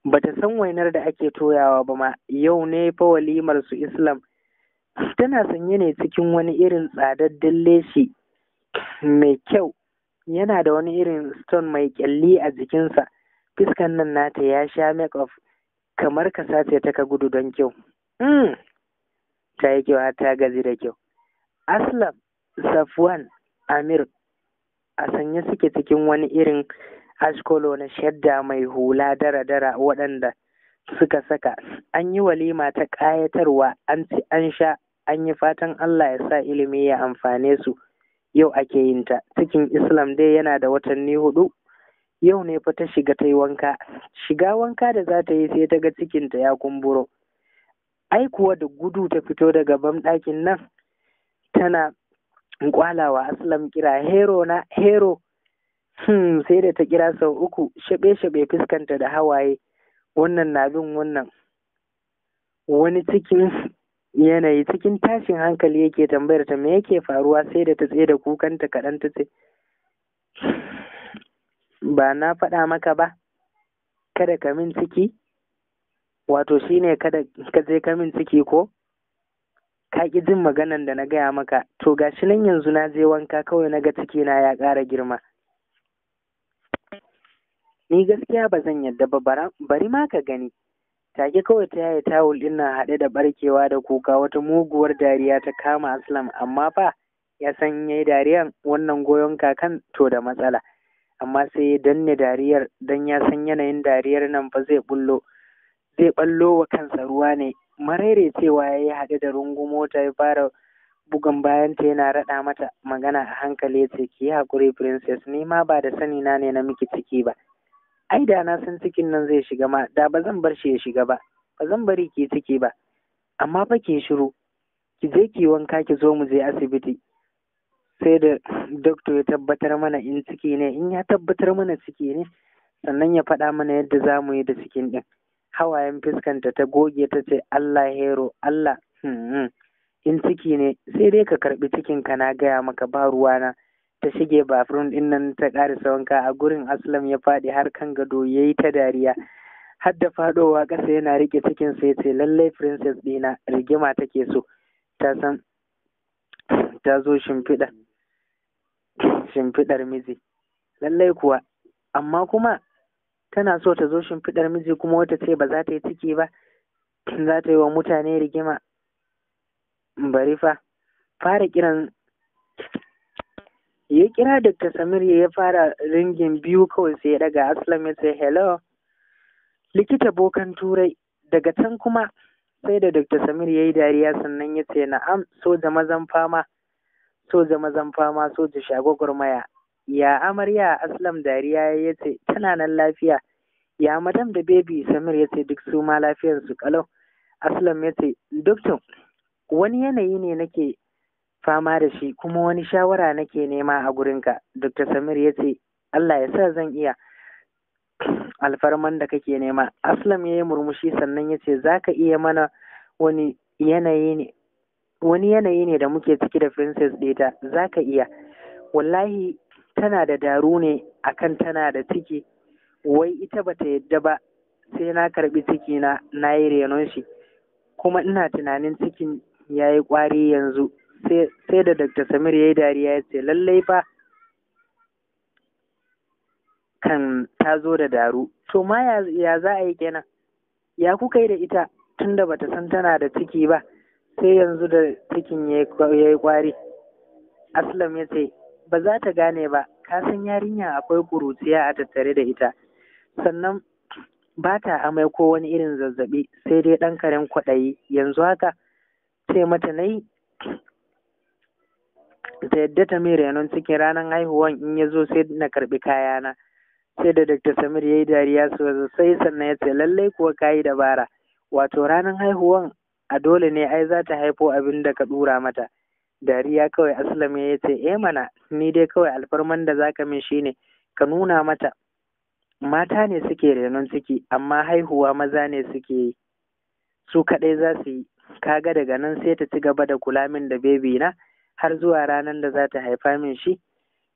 bata san wainar da ake toyawa ba ma yau ne fa walimar su islam tana sanye ne cikin wani irin tsadaddan leshi mai kyau yana da wani irin stone mai kyalli a jikinsa fiskan nan nata ya sha make of kamar ka sace ta ka gudu don kyau mm. ta yi kyau har ta gaji da kyau aslam safwan amir a sanye suke cikin wani irin ashkolo na shadda mai hula dara-dara waɗanda suka saka an yi walima ta ƙayatarwa an ci an sha an yi fatan Allah ya sa ilimi ya amfane su yau ake yin ta cikin islam dai yana da watanni hudu yau ne fa ta shiga ta yi wanka shiga wanka da za ta yi sai ta ga cikinta ya kumburo ai kuwa da gudu ta fito daga banɗakin nan tana kwalawa aslam kira hero na hero hmm, sai da ta kira sau uku shaɓe-shaɓe fuskanta da hawaye wannan na bin wannan wani cikin yanayi cikin tashin hankali yake tambayar ta me yake faruwa sai da ta tsaye da kukanta kaɗan ta ce ba na faɗa maka ba kada ka min ciki wato shine kada ka je ka min ciki ko ka ƙi jin maganan da na gaya maka to ga shi nan yanzu na je wanka kawai na ga ciki na ya ƙara girma ni gaskiya ba zan yadda ba bari ma ka gani take kawai ta yaya tawul ɗin na haɗe da ɓarkewa da kuka wata muguwar dariya ta kama aslam amma fa ya san yayi dariyan wannan goyon kakan to da matsala amma sai ya danne dariyar don ya san yanayin dariyar nan ba zai bullo zai ballo wa kansa ruwa ne Maraire cewa ya yi haɗe da rungu mota ya fara bugan bayanta yana raɗa mata magana a hankali ya ce ki yi haƙuri princess ni ma ba da sani na ne na miki ciki ba ai da na san cikin nan zai shiga ma da ba zan bar shi ya shiga ba ba zan bari ki ciki ba amma fa ki shiru ki je ki wanka ki zo mu je asibiti sai da doctor ya tabbatar mana in ciki ne in ya tabbatar mana ciki ne sannan ya faɗa mana yadda za mu yi da cikin ɗin hawayen fuskanta ta goge ta ce Allah hero Allah hmm, in ciki ne sai dai ka karɓi cikinka na gaya maka ba ruwana ta shige bathroom ɗin nan ta ƙarisa wanka a gurin aslam ya faɗi har kan gado ya yi ta dariya har da faɗowa ƙasa yana riƙe cikin sai ce lallai princess ɗina rigima take so ta san ta zo shimfiɗa shimfiɗar miji lallai kuwa amma kuma tana so ta zo shimfiɗar miji kuma wata ce ba za ta yi ciki ba za ta yi wa mutane rigima bari fa fara kiran ya kira Dr. Samir ya fara ringin biyu kawai sai ya daga Aslam ya ce hello likita bokan turai daga can kuma sai da Dr. Samir ya yi dariya sannan ya ce na'am soja mazan fama soja mazan fama soja shagwagwar maya ya amarya aslam dariya ya ce tana nan lafiya ya madam da bebi samir ya ce duk su ma lafiyarsu kalau aslam ya ce doktor wani yanayi ne nake fama da shi kuma wani shawara nake nema a gurinka dr samir ya ce allah ya sa zan iya alfarman da kake nema aslam ya yi murmushi sannan ya ce za ka iya mana wani yanayi ne wani yanayi ne da muke ciki da princess data za ka iya wallahi tana da daru ne akan tana da ciki wai ita bata yadda ba sai na karbi ciki na na yi renon shi kuma ina tunanin cikin ya yi ƙwari yanzu sai da dr samir ya yi dariya ya ce lallai ba kan ta zo da daru to ma ya za a yi kenan ya kuka yi da ita tunda bata san tana da ciki ba sai yanzu da cikin ya yi kwari aslam ya ce ba za ta gane ba ka san yarinya akwai ƙuruciya a tattare da ita sannan ba ta amai ko wani irin zazzabi sai dai ɗan karen kwaɗayi yanzu haka sai mata na yi ta yadda ta mai renon cikin ranar haihuwan in ya zo sai na karɓi kayana sai da dr samir ya yi dariya sosai sannan ya ce lallai kuwa kayi dabara wato ranar haihuwan a dole ne ai za ta haifo abin da ka ɗura mata dariya kawai aslam ya ce eh mana ni dai kawai alfarman da zaka min shine ka nuna mata mata ne suke renon ciki amma haihuwa maza ne suke yi su kaɗai za su yi kaga daga nan sai ta ci gaba da kula min da bebi na har zuwa ranar da za ta haifa min shi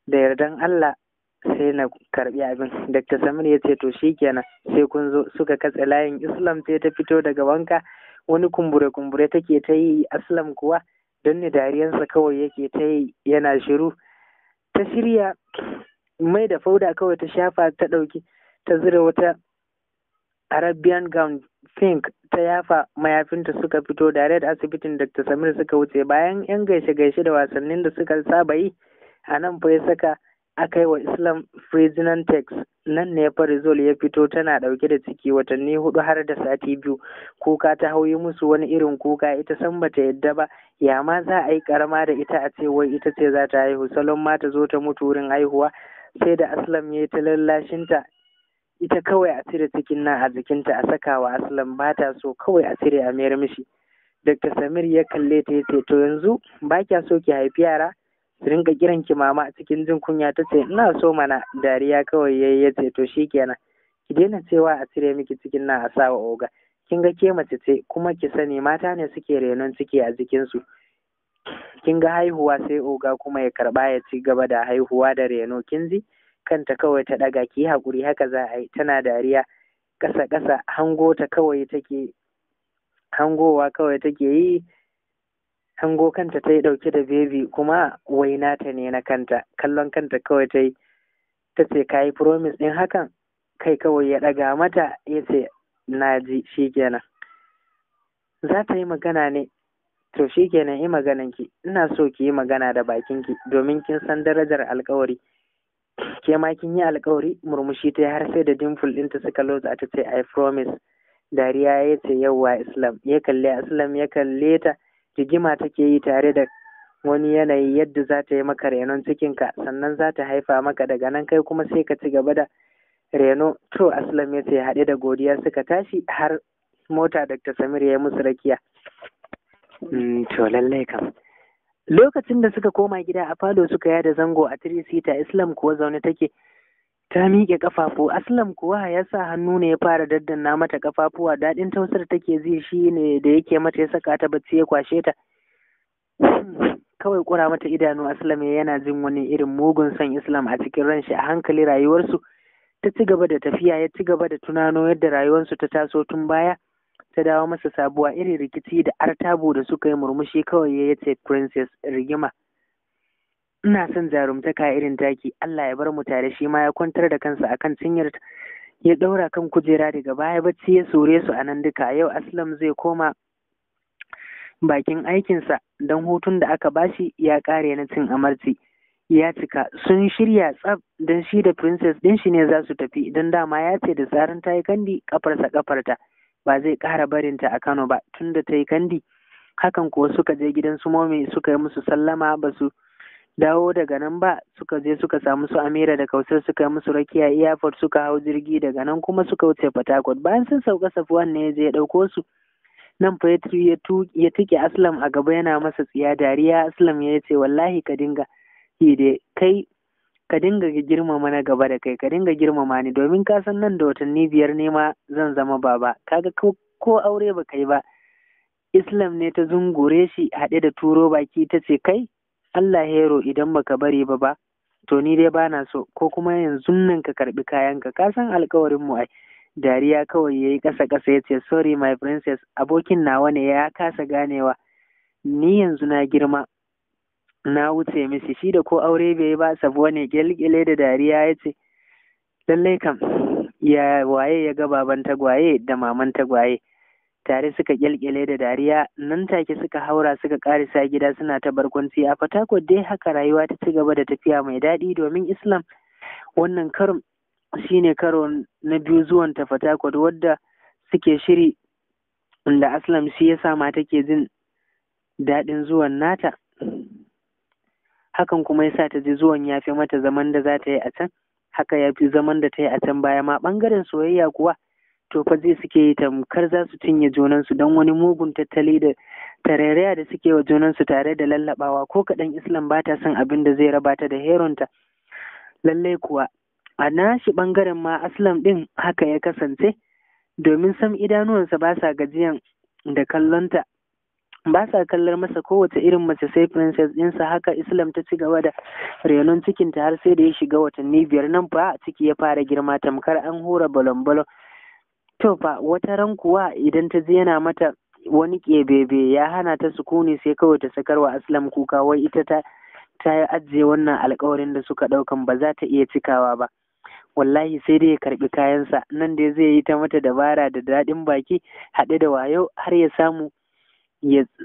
da yardan Allah sai na karbi abin Dr. Samir ya ce to kenan sai kun zo suka katse layin Islam sai ta fito daga wanka wani kumbure-kumbure take ta yi aslam kuwa don ni dariyansa kawai yake ta yi yana shiru ta shirya mai da fauda kawai ta shafa ta ɗauki ta zira wata arabian gown pink ta yafa mayafinta suka fito da da asibitin dr samir suka wuce bayan yan gaishe-gaishe da wasannin da suka saba yi a nan fa ya saka aka yi wa Islam Frizinan Text nan ne Farizol ya fito tana ɗauke da ciki watanni hudu har da sati biyu kuka ta hauyi musu wani irin kuka ita san bata yadda ba ya ma za a yi karama da ita a ce wai ita ce za ta haihu salon ma ta zo ta mutu wurin haihuwa sai da Aslam ya yi ta lallashinta ita kawai a cire cikin nan a jikinta a saka wa Aslam ba ta so kawai a cire a mayar mishi Dr. Samir ya kalle ta ya ce to yanzu ba kya so ki haifi yara su rinka kiran ki mama cikin jin kunya ta ce ina so mana dariya kawai yayi ya ce to shikenan ki daina cewa a cire miki cikin nan a sawa oga kin ga ke mace ce kuma ki sani mata ne suke renon ciki a jikinsu kin ga haihuwa sai oga kuma ya karba ya ci gaba da haihuwa da reno kin ji kanta kawai ta daga ki hakuri haka za a yi tana dariya ƙasa ƙasa hango ta kawai take hangowa kawai take yi hango kanta ta yi ɗauke da bebi kuma wai nata ne na kanta kallon kanta kawai ta yi ta ce ka yi promise ɗin hakan kai kawai ya ɗaga mata ya ce na ji shi kenan.' za ta yi magana ne to kenan yi maganan ki ina so ki yi magana da bakin ki domin kin san darajar alkawari ke ma kin yi alkawari murmushi ta har sai da ɗin ta suka lotsa ta ce i promise dariya ya ce yawwa islam ya kalli. islam ya kalle ta rigima take yi tare da wani yanayi yadda za ta yi maka renon cikinka sannan za ta haifa maka daga nan kai kuma sai ka ci gaba da reno to aslam ya ce haɗe da godiya suka tashi har mota dr samir ya yi musu rakiya mm, to lallai kam lokacin da suka koma gida a falo suka yada zango a tiri sita islam kuwa zaune take ta miƙe ƙafafu aslam kuwa ya sa hannu ne ya fara daddanna mata ƙafafuwa daɗin tausar take zai shi ne da yake mata ya saka ta bacci ya kwashe ta kawai kura mata idanu aslam yana jin wani irin mugun son islam a cikin ran shi a hankali rayuwarsu ta ci gaba da tafiya ya ci gaba da tunano yadda rayuwarsu ta taso tun baya ta dawo masa sabuwa irin rikici da artabu da suka yi murmushi kawai ya ce princess rigima ina son jarumtaka irin taki Allah ya bar mu tare shi ma ya kwantar da kansa akan cinyar ya ɗaura kan kujera daga baya bacci ya sore su a nan duka yau aslam zai koma bakin aikinsa don hutun da aka bashi ya kare na cin amarci ya cika sun shirya tsab don shi da princess ɗin shi ne za su tafi don dama ya ce da tsarin ta yi kandi kafarsa kafarta ba zai ƙara barinta a kano ba tunda ta yi kandi hakan kuwa suka je gidan su suka yi musu sallama ba su dawo daga nan ba suka je suka samu su Amira da Kausar suka musu rakiya iyafar suka hau jirgi daga nan kuma suka wuce Fatakwal bayan sun sauka Safuwan ne ya je ya ɗauko su nan Fetur ya tuke Aslam a gaba yana masa tsiya dariya Aslam ya ce wallahi ka dinga da kai ka dinga girmama na gaba da kai ka dinga girmama ni domin ka san nan da watanni biyar ne ma zan zama baba kaga ko ko aure ba kai ba Islam ne ta zungure shi haɗe da turo baki ta ce kai Allah hero idan baka bari ba ba to ni dai bana so ko kuma yanzu nan ka karbi kayanka ka san alkawarin mu ai dariya kawai yayi kasa kasa yace sorry my princess abokin nawa ne ya kasa ganewa ni yanzu na girma na wuce misi shi da ko aure bai ba sabo ne gilgile da dariya yace lallai kam ya waye ya ga baban tagwaye da maman tagwaye tare suka kyalkyale da dariya nan take suka haura suka karisa gida suna ta barkwanci a Fatakwat dai haka rayuwa ta ci gaba da tafiya mai daɗi domin islam wannan karo shine karo na biyu zuwan ta fatako wadda suke shiri da aslam shi yasa sama take jin daɗin zuwan nata hakan kuma yasa ta ji zuwan ya fi mata zaman da za ta yi a can haka ya fi zaman da ta yi a can baya ma ɓangaren soyayya kuwa To fa zai suke yi tamkar za su cinye junansu don wani mugun tattali da tararaya da suke wa junansu tare da lallabawa ko kaɗan islam ba ta son abin da zai raba ta da heronta lallai kuwa a nashi ɓangaren ma aslam ɗin haka ya kasance domin sam idanuwansa ba sa gajiyan da kallonta ba sa kallar masa kowace irin mace sai princess ɗinsa haka islam ta ci gaba da renon cikinta har sai da ya shiga watanni biyar nan fa ciki ya fara girma tamkar an hura balon-balon To fa wata ran kuwa idan ta ji yana mata wani ƙebebe ya hana ta sukuni sai kawai ta sakarwa Aslam kuka wai ita ta ta ajiye wannan alkawarin da suka ɗaukan ba za ta iya cikawa ba. Wallahi sai dai ya karɓi kayansa nan dai zai yi ta mata dabara da daɗin baki haɗe da wayo har ya samu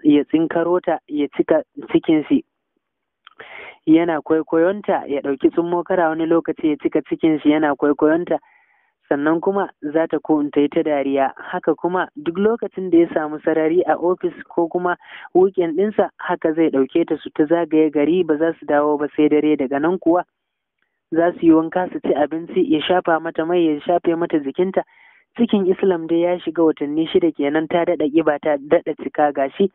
ya tsinkaro ta ya cika cikinsi yana kwaikwayonta ya ɗauki tsummokara wani lokaci ya cika cikinshi yana kwaikwayonta sannan kuma za ta ko ta yi ta dariya haka kuma duk lokacin da ya samu sarari a ofis ko kuma weekend ɗinsa haka zai ɗauke ta su ta zagaye gari ba za su dawo ba sai dare daga nan kuwa za su yi wanka su ci abinci ya shafa mata mai ya shafe mata jikinta cikin islam dai ya shiga watanni shida kenan ta daɗa ƙiba ta daɗa cika gashi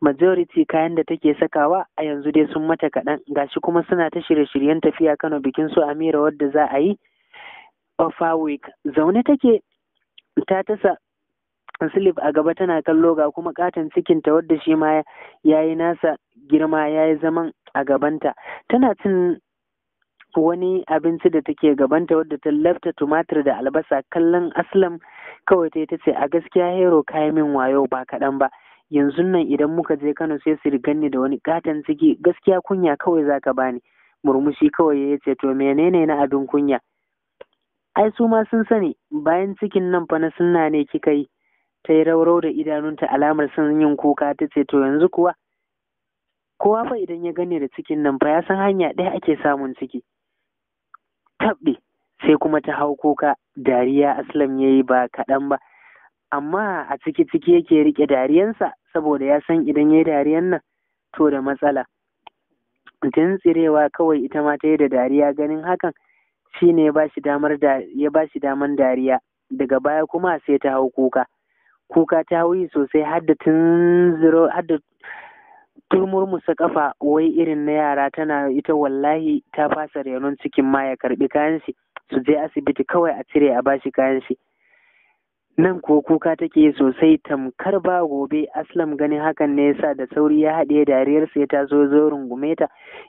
majority kayan da take sakawa a yanzu dai sun mata kaɗan gashi kuma suna ta shirye-shiryen tafiya kano bikin su amira wadda za a yi of zaune take ta tasa slip a gaba tana kallo ga kuma katon cikinta wadda shi ma ya yi nasa girma ya yi zaman a gabanta tana cin wani abinci da take gabanta wadda ta lafta tumatir da albasa kallon aslam kawai ta tace a gaskiya hero kayan min wayo ba kaɗan ba yanzu nan idan muka je kano sai su ganni da wani katon ciki gaskiya kunya kawai zaka bani murmushi kawai ya ce to menene na abin kunya ai su ma sun sani bayan cikin nan fa na sunna ne kika yi ta yi raurau da idanunta alamar sun yin kuka ta ce to yanzu kuwa kowa fa idan ya gane da cikin nan fa ya san hanya ɗaya ake samun ciki tabbe sai kuma ta hau kuka dariya aslam ya yi ba kaɗan ba amma a ciki ciki yake riƙe dariyansa saboda ya san idan ya yi dariyan nan to da matsala tsirewa kawai ita ma ta yi da dariya ganin hakan ne ya ba shi damar dariya daga baya kuma sai ta hau kuka kuka ta hau yi sosai har da tunzuro turmurmusa kafa wai irin na yara tana ita wallahi ta fasa renon cikin ma ya karbi kayan shi su je asibiti kawai a cire a bashi kayan shi Nan ko kuka take sosai tamkar ba gobe Aslam ganin hakan ne yasa da sauri ya haɗe dariyarsa ya ta zo rungume ta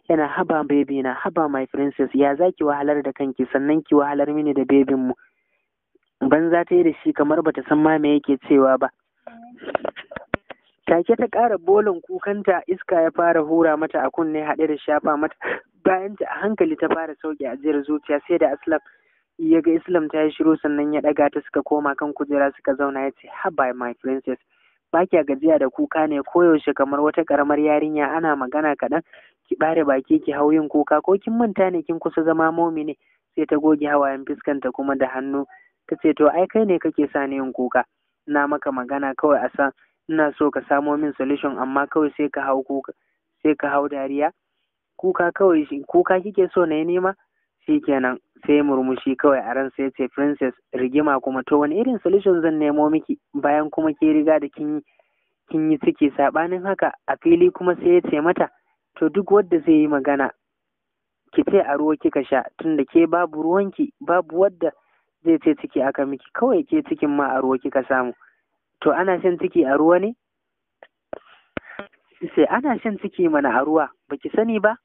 yana haba baby na haba my princess ya zaki wahalar da kanki sannan ki wahalar mini da bebin mu za ta yi da shi kamar bata san ma me yake cewa ba take ta ƙara bolon kukanta iska ya fara hura mata a kunne haɗe da shafa mata bayan ta a hankali ta fara sauki ajiyar zuciya sai da Aslam ya ga Islam ta yi shiru sannan ya ɗaga ta suka koma kan kujera suka zauna ya ce haba my princess ba kya gajiya da kuka ne koyaushe kamar wata karamar yarinya ana magana kaɗan ki ɓare baki ki hau yin kuka ko kin manta ne kin kusa zama momi ne sai ta goge hawayen fuskanta kuma da hannu ta ce to ai kai ne kake sa ni yin kuka na maka magana kawai a san ina so ka samo min solution amma kawai sai ka hau kuka sai ka hau dariya kuka kawai kuka kike so na yi nema shikenan sai murmushi kawai a ransa ya ce princess rigima kuma to wani irin solution zan nemo miki bayan kuma ke riga da kin yi kin yi ciki Sabanin haka a fili kuma sai ya ce mata to duk wadda zai yi magana ki ce a ruwa kika sha tunda ke babu ruwanki babu wadda zai ce ciki aka miki kawai ke cikin ma a ruwa kika samu to ana shan ciki a ruwa ne sai ana shan ciki mana a ruwa baki sani ba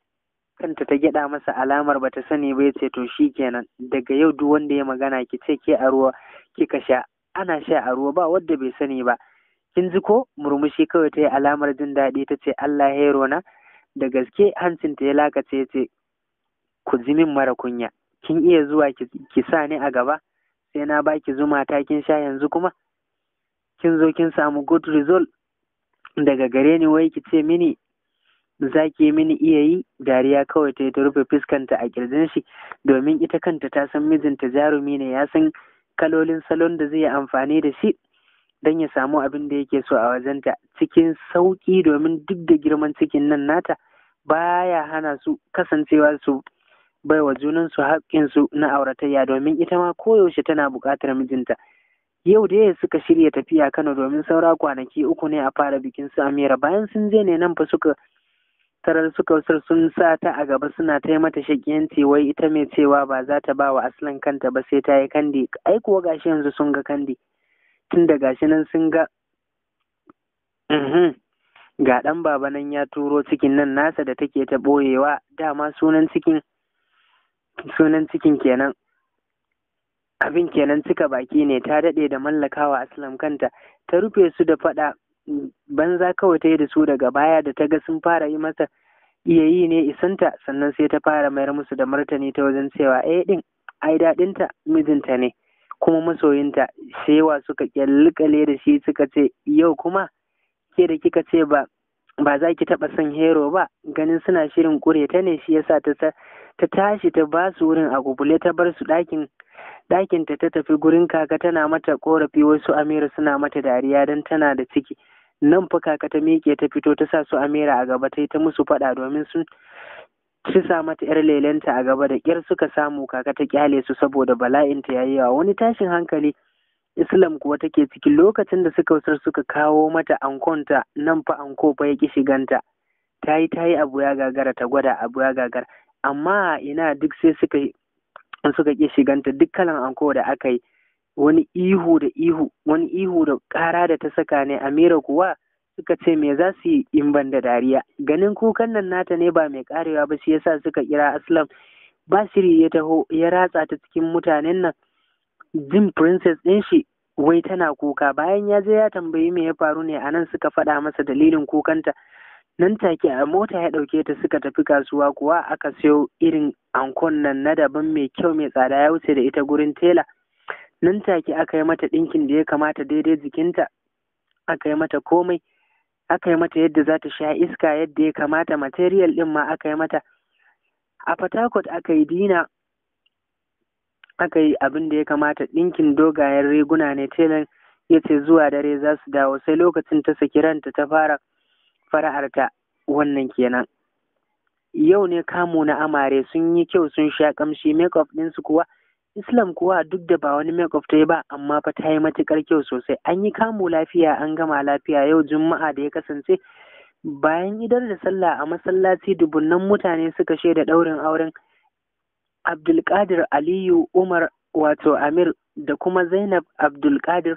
kanta ta gyaɗa masa alamar bata sani ba ya ce to kenan, daga yau duk wanda ya magana ki ce ke a ruwa kika sha ana sha a ruwa ba wanda bai sani ba kin ji ko murmushi kawai ta yi alamar jin daɗi ta ce Allah ya na da gaske hancin ta ya lakace ya ce ku ji min mara kunya kin iya zuwa ki sa ni a gaba sai na baki zuma ta kin sha yanzu kuma kin zo kin samu good result daga gare ni wai ki ce mini zaki mini iya yi dariya kawai ta yi ta rufe fuskanta a kirjin shi domin ita kanta ta san mijinta jarumi ne ya san kalolin salon da zai amfani da shi don ya samu abin da yake so a wajenta cikin sauƙi domin duk da girman cikin nan nata baya hana su kasancewa su bai wa junansu haƙƙinsu na auratayya domin ita ma koyaushe tana buƙatar mijinta yau da yaya suka shirya tafiya kano domin saura kwanaki uku ne a fara bikin su amira bayan sun je ne nan fa suka da suka wasar sun sa ta a gaba suna ta mata shakiyanci wai ita mai cewa ba za ta ba wa Aslan kanta ba sai ta yi kandi ai kuwa gashi yanzu sun ga kandi tun da gashi nan sun ga uhm, ga ɗan baba ya turo cikin nan nasa da take ta ɓoyewa dama sunan cikin kenan abin kenan cika baki ne ta daɗe da mallakawa aslam kanta ta rufe su da faɗa banza kawai ta yi da su daga baya da ta ga sun fara yi masa iya yi ne isanta sannan sai ta fara mayar musu da martani ta wajen cewa eh din ai daɗinta mijinta ne kuma masoyinta shewa suka kyallikale da shi suka ce yau kuma ke da kika ce ba ba za ki taɓa son hero ba ganin suna shirin ƙure ta ne shi yasa ta ta tashi ta ba su wurin a gugule ta bar su ɗakin ɗakinta ta tafi gurin kaka tana mata ƙorafi wasu amira suna mata dariya don tana da ciki nan fa kaka ta miƙe ta fito ta sa su amira a gaba ta yi ta musu faɗa domin su ci sa mata yar lelenta a gaba da ƙyar suka samu kaka ta kyale su saboda bala'in ta yayi yawa wani tashin hankali islam kuwa take ciki lokacin da suka wasar suka kawo mata ankonta nan fa anko fa ya ƙi shiganta ta yi ta yi abu ya gagara ta gwada abu ya gagara amma ina duk sai suka suka ƙi shiganta duk kalan anko da aka yi wani ihu da ihu wani ihu da kara da ta saka ne amira kuwa suka ce me za su yi in ban da dariya ganin kukan nan nata ne ba mai karewa ba shi yasa suka kira aslam basiri ya taho ya ratsa ta cikin mutanen nan jin princess din shi wai tana kuka bayan ya je ya tambayi me ya faru ne anan suka faɗa masa dalilin kukanta nan take a mota ya ɗauke ta suka tafi kasuwa kuwa aka siyo irin ankon nan na daban mai kyau mai tsada ya wuce da ita gurin tela nan take aka yi mata ɗinkin da ya kamata daidai jikinta aka yi mata komai aka yi mata yadda za ta sha iska yadda ya kamata material ɗin ma aka yi mata a fatakot aka yi dina aka yi abin da ya kamata ɗinkin dogayen riguna ne telan ya ce zuwa dare za su dawo sai lokacin ta saki ranta ta fara fara'arta wannan kenan yau ne kamu na amare sun yi kyau sun sha kamshi makeup ɗinsu kuwa Islam kuwa duk da ba wani make ya ba amma fa ta yi matuƙar kyau sosai. An yi kamu lafiya an gama lafiya yau Juma'a da ya kasance bayan idar da sallah a masallaci dubunnan mutane suka shaida ɗaurin auren Abdulkadir Aliyu Umar wato Amir da kuma Zainab Abdulkadir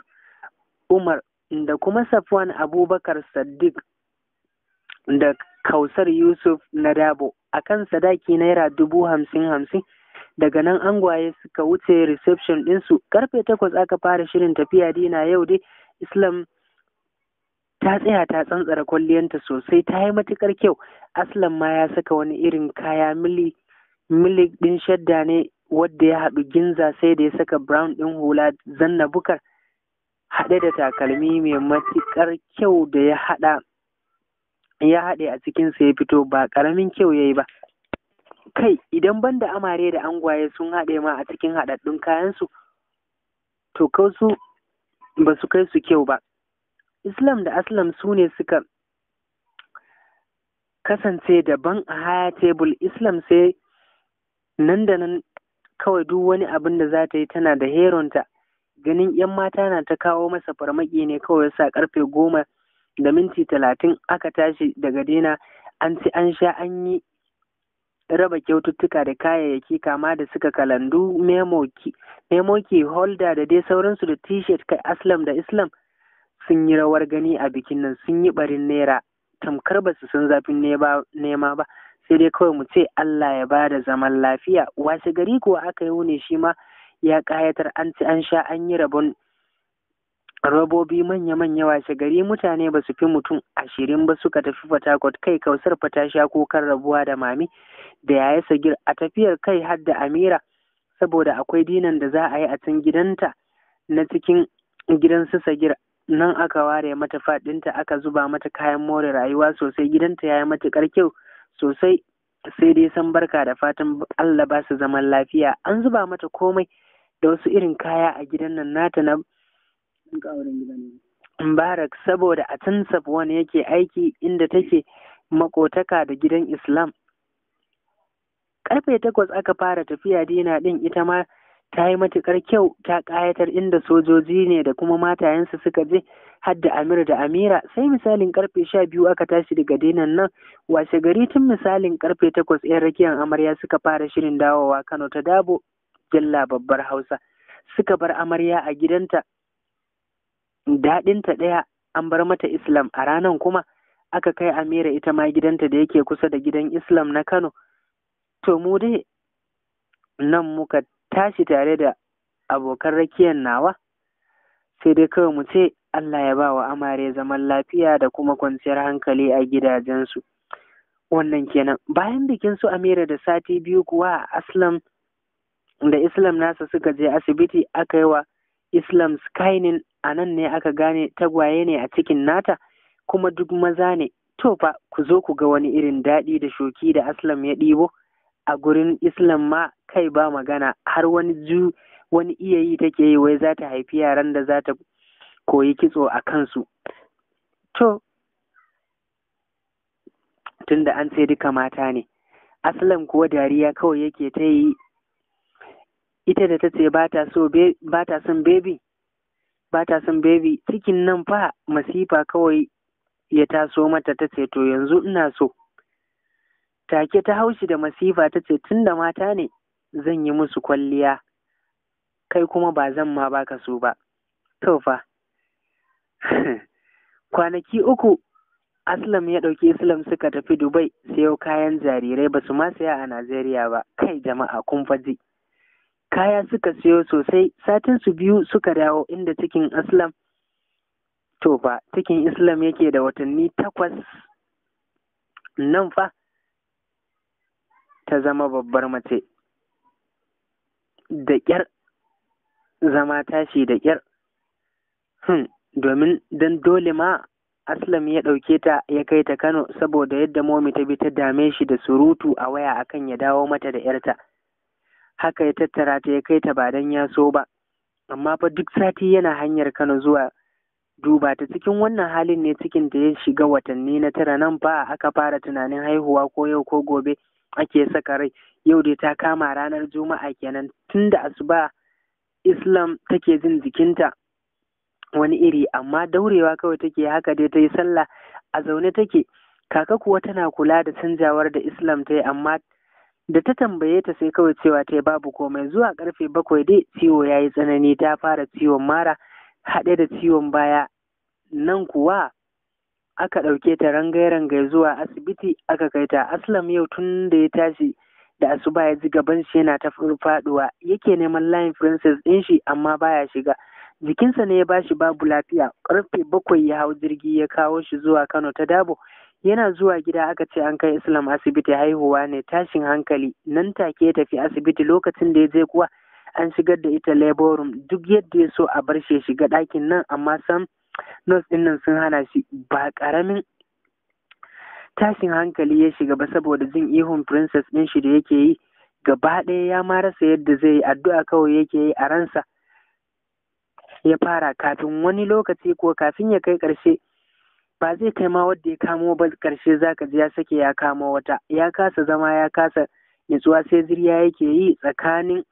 Umar da kuma Safwan Abubakar Saddiq da Kausar Yusuf na Dabo akan sadaki naira dubu hamsin hamsin daga nan angwaye suka wuce reception ɗinsu karfe takwas aka fara shirin tafiya dina yau dai islam ta tsaya ta tsantsara kwalliyanta sosai ta yi matukar kyau aslam ma ya saka wani irin kaya mili milik ɗin shadda ne wadda ya haɗu ginza sai da ya saka brown ɗin hula zanna bukar haɗe da takalmi mai matuƙar kyau da ya haɗa ya haɗe a cikinsa ya fito ba ƙaramin kyau ya yi ba kai idan banda amare da angwaye sun haɗe ma a cikin haɗaɗɗun kayansu to kausu ba su kai su kyau ba islam da aslam su ne suka kasance daban a haya tebul islam sai nan da nan kawai duk wani abin da za ta yi tana da heronta ganin 'yan mata na ta kawo masa farmaki ne kawai sa karfe goma da minti talatin aka tashi daga dina an ci an sha an yi raba kyaututtuka da kayayyaki kama da suka kalandu memoki holda da dai sauransu da t kai aslam da islam sun yi rawar gani a bikin nan sun yi barin naira tamkar ba su san zafin nema ba sai dai kawai mu ce allah ya ba da zaman lafiya washe gari kuwa aka yi wune shi ma ya kayatar an ci an sha an yi rabon robobi manya-manya washe gari mutane ba su fi mutum ashirin ba suka tafi Fatakwat kai kausar fata sha kukan rabuwa da mami da yaya sagir a tafiyar kai har da amira saboda akwai dinan da za a yi a can gidanta na cikin gidan su sagir nan aka ware mata faɗinta aka zuba mata kayan more rayuwa sosai gidanta ya yi matuƙar kyau sosai sai dai san barka da fatan Allah ba su zaman lafiya an zuba mata komai da wasu irin kaya a gidan nan nata na Mubarak saboda a can Safwan yake aiki inda take makotaka da gidan Islam. Karfe takwas aka fara tafiya dina ɗin ita ma ta yi matuƙar kyau ta ƙayatar inda sojoji ne da kuma matayensu suka je har da Amir da Amira sai misalin karfe sha biyu aka tashi daga dinan nan washe gari tun misalin karfe takwas ɗin rakiyar amarya suka fara shirin dawowa Kano ta dabo jalla babbar Hausa suka bar amarya a gidanta daɗinta ɗaya an bar mata islam a ranan kuma aka kai amira ita ma gidanta da yake kusa da gidan islam na kano to mu dai nan muka tashi tare da abokan rakiyar nawa sai dai kawai mu ce allah ya ba wa amare zaman lafiya da kuma kwanciyar hankali a gidajensu wannan kenan bayan bikin su amira da sati biyu kuwa aslam da islam nasa suka je asibiti aka yi wa Islam Skynin a nan ne aka gane tagwaye ne a cikin nata kuma duk maza ne to fa ku zo ku ga wani irin daɗi da shoki da Aslam ya ɗibo a gurin Islam ma kai ba magana har wani ju wani iya yi take yi wai za ta haifi yaran da za ta koyi kitso a kansu to tunda an ce duka mata ne Aslam kuwa dariya kawai yake ta yi ita da ta ce ba ta son bebi ba ta son bebi cikin nan fa masifa kawai ya taso mata ta ce to yanzu ina so take ta haushi da masifa ta ce tun da mata ne zan yi musu kwalliya kai kuma ba zan ma baka so ba to fa kwanaki uku aslam ya ɗauki islam suka tafi dubai sayo kayan jarirai ba su ma saya a najeriya ba kai jama'a kun faji kaya suka siyo sosai satin su biyu suka dawo inda cikin islam to fa cikin islam yake da watanni takwas nan fa ta zama babbar mace da ƙyar zama tashi da ƙyar hmm. domin don dole ma aslam ya ɗauke ta ya kai ta kano saboda yadda momi ta bi ta dame shi da surutu a waya akan ya dawo mata da 'yarta. haka ya tattara ta ya kai ta ba don ya so ba amma fa duk sati yana hanyar kano zuwa duba ta cikin wannan halin ne cikin da ya shiga watanni na tara nan ba aka fara tunanin haihuwa ko yau ko gobe ake saka rai yau dai ta kama ranar juma'a kenan tun da asuba islam take jin jikinta wani iri amma daurewa kawai take haka dai ta yi sallah a zaune take kaka kuwa tana kula da canjawar da islam ta yi amma da ta tambaye ta sai kawai cewa ta babu komai zuwa karfe bakwai dai ciwo ya yi tsanani ta fara ciwon mara haɗe da ciwon baya nan kuwa aka ɗauke ta rangai-rangai zuwa asibiti aka kai ta aslam yau tun da ya tashi da asuba ya ji gaban shi yana ta faɗuwa yake neman layin princess ɗin shi amma baya shiga jikinsa ne ya bashi babu lafiya karfe bakwai ya hau jirgi ya kawo shi zuwa kano ta dabo yana zuwa gida aka ce an kai islam asibiti haihuwa ne tashin hankali nan take ya tafi asibiti lokacin da ya je kuwa an shigar da ita labor duk yadda ya so a bar shi shiga ɗakin nan amma san nurse ɗin nan sun hana shi ba ƙaramin tashin hankali ya shiga ba saboda jin ihun princess ɗin shi da yake yi gaba ɗaya ya ma rasa yadda zai yi addu'a kawai yake yi a ransa ya fara kafin wani lokaci ko kafin ya kai ƙarshe ba zai kai ma wadda ya kamo ba karshe zaka ji ya sake ya kamo wata ya kasa zama ya kasa nutsuwa sai zirya yake yi tsakanin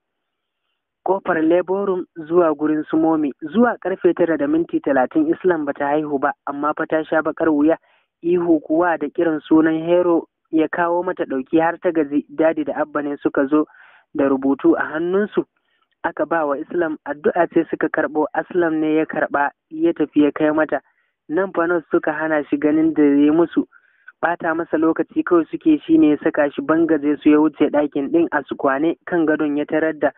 kofar leborum zuwa gurin sumomi zuwa karfe tara da minti talatin islam bata haihu ba amma fa ta sha bakar wuya ihu kuwa da kiran sunan hero ya kawo mata ɗauki har ta gaji dadi da abba ne suka zo da rubutu a hannunsu aka ba wa islam addu'a sai suka karɓo aslam ne ya karba ya tafi ya kai mata nan fa suka hana shi ganin da zai musu bata masa lokaci kawai suke shi ne ya saka shi bangaje su ya wuce ɗakin ɗin a su kwane kan gadon ya tarar da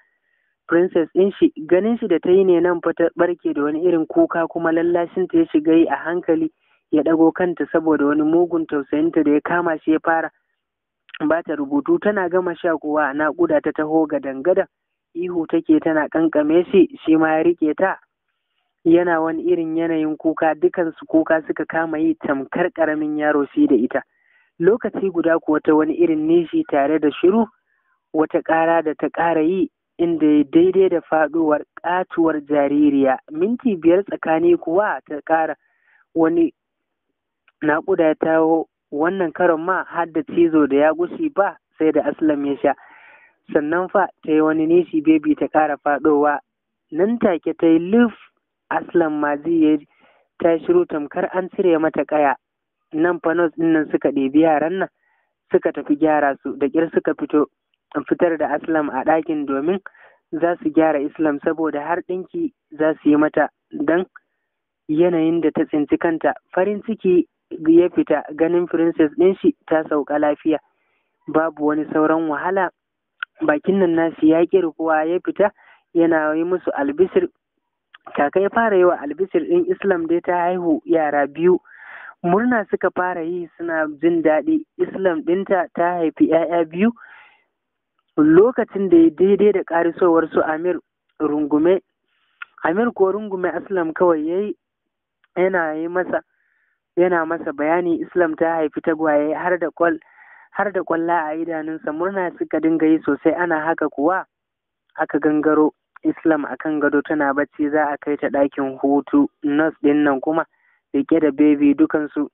princess ɗin shi ganin shi da ta yi ne nan fa ta barke da wani irin kuka kuma lallashin ta ya shiga yi a hankali ya ɗago kanta saboda wani mugun tausayinta da ya kama shi ya fara ba ta rubutu tana gama sha kuwa a naƙuda ta taho ga dangada ihu take tana kankame shi shi ma ya riƙe ta yana wani irin yanayin kuka dukansu kuka suka kama yi tamkar karamin yaro shi da ita lokaci guda kuwa ta wani irin nishi tare da shiru wata ƙara da ta ƙara yi inda ya daidai da faɗuwar ƙatuwar jaririya minti biyar tsakani kuwa ta ƙara wani naƙuda ya tawo wannan karon ma har da cizo da ya gushi ba sai da aslam ya sha sannan fa ta yi wani nishi bebi ta kara faɗowa nan take ta yi aslan ma zai yi ta shiru tamkar an cire mata kaya nan fanos nos suka ɗebi yaran nan suka tafi gyara su da ƙir suka fito fitar da aslam a ɗakin domin za su gyara islam saboda har ɗinki za su yi mata don yanayin da ta tsinci kanta farin ciki ya fita ganin princess ɗin shi ta sauka lafiya babu wani sauran wahala bakin nan nashi ya ƙi ya fita yana yi musu albisir kaka ya fara yi wa albisir ɗin islam dai ta haihu yara biyu murna suka fara yi suna jin daɗi islam ɗinta ta haifi 'ya'ya biyu lokacin da ya daidai da ƙarisowar su amir rungume amir ko rungume islam kawai ya yi yana masa yana bayani islam ta haifi tagwaye har da kwal har da kwalla a idanunsa murna suka dinga yi sosai ana haka kuwa aka gangaro Islam a kan gado tana bacci za a kai ta ɗakin hutu nas ɗin nan kuma Rike da bebi dukansu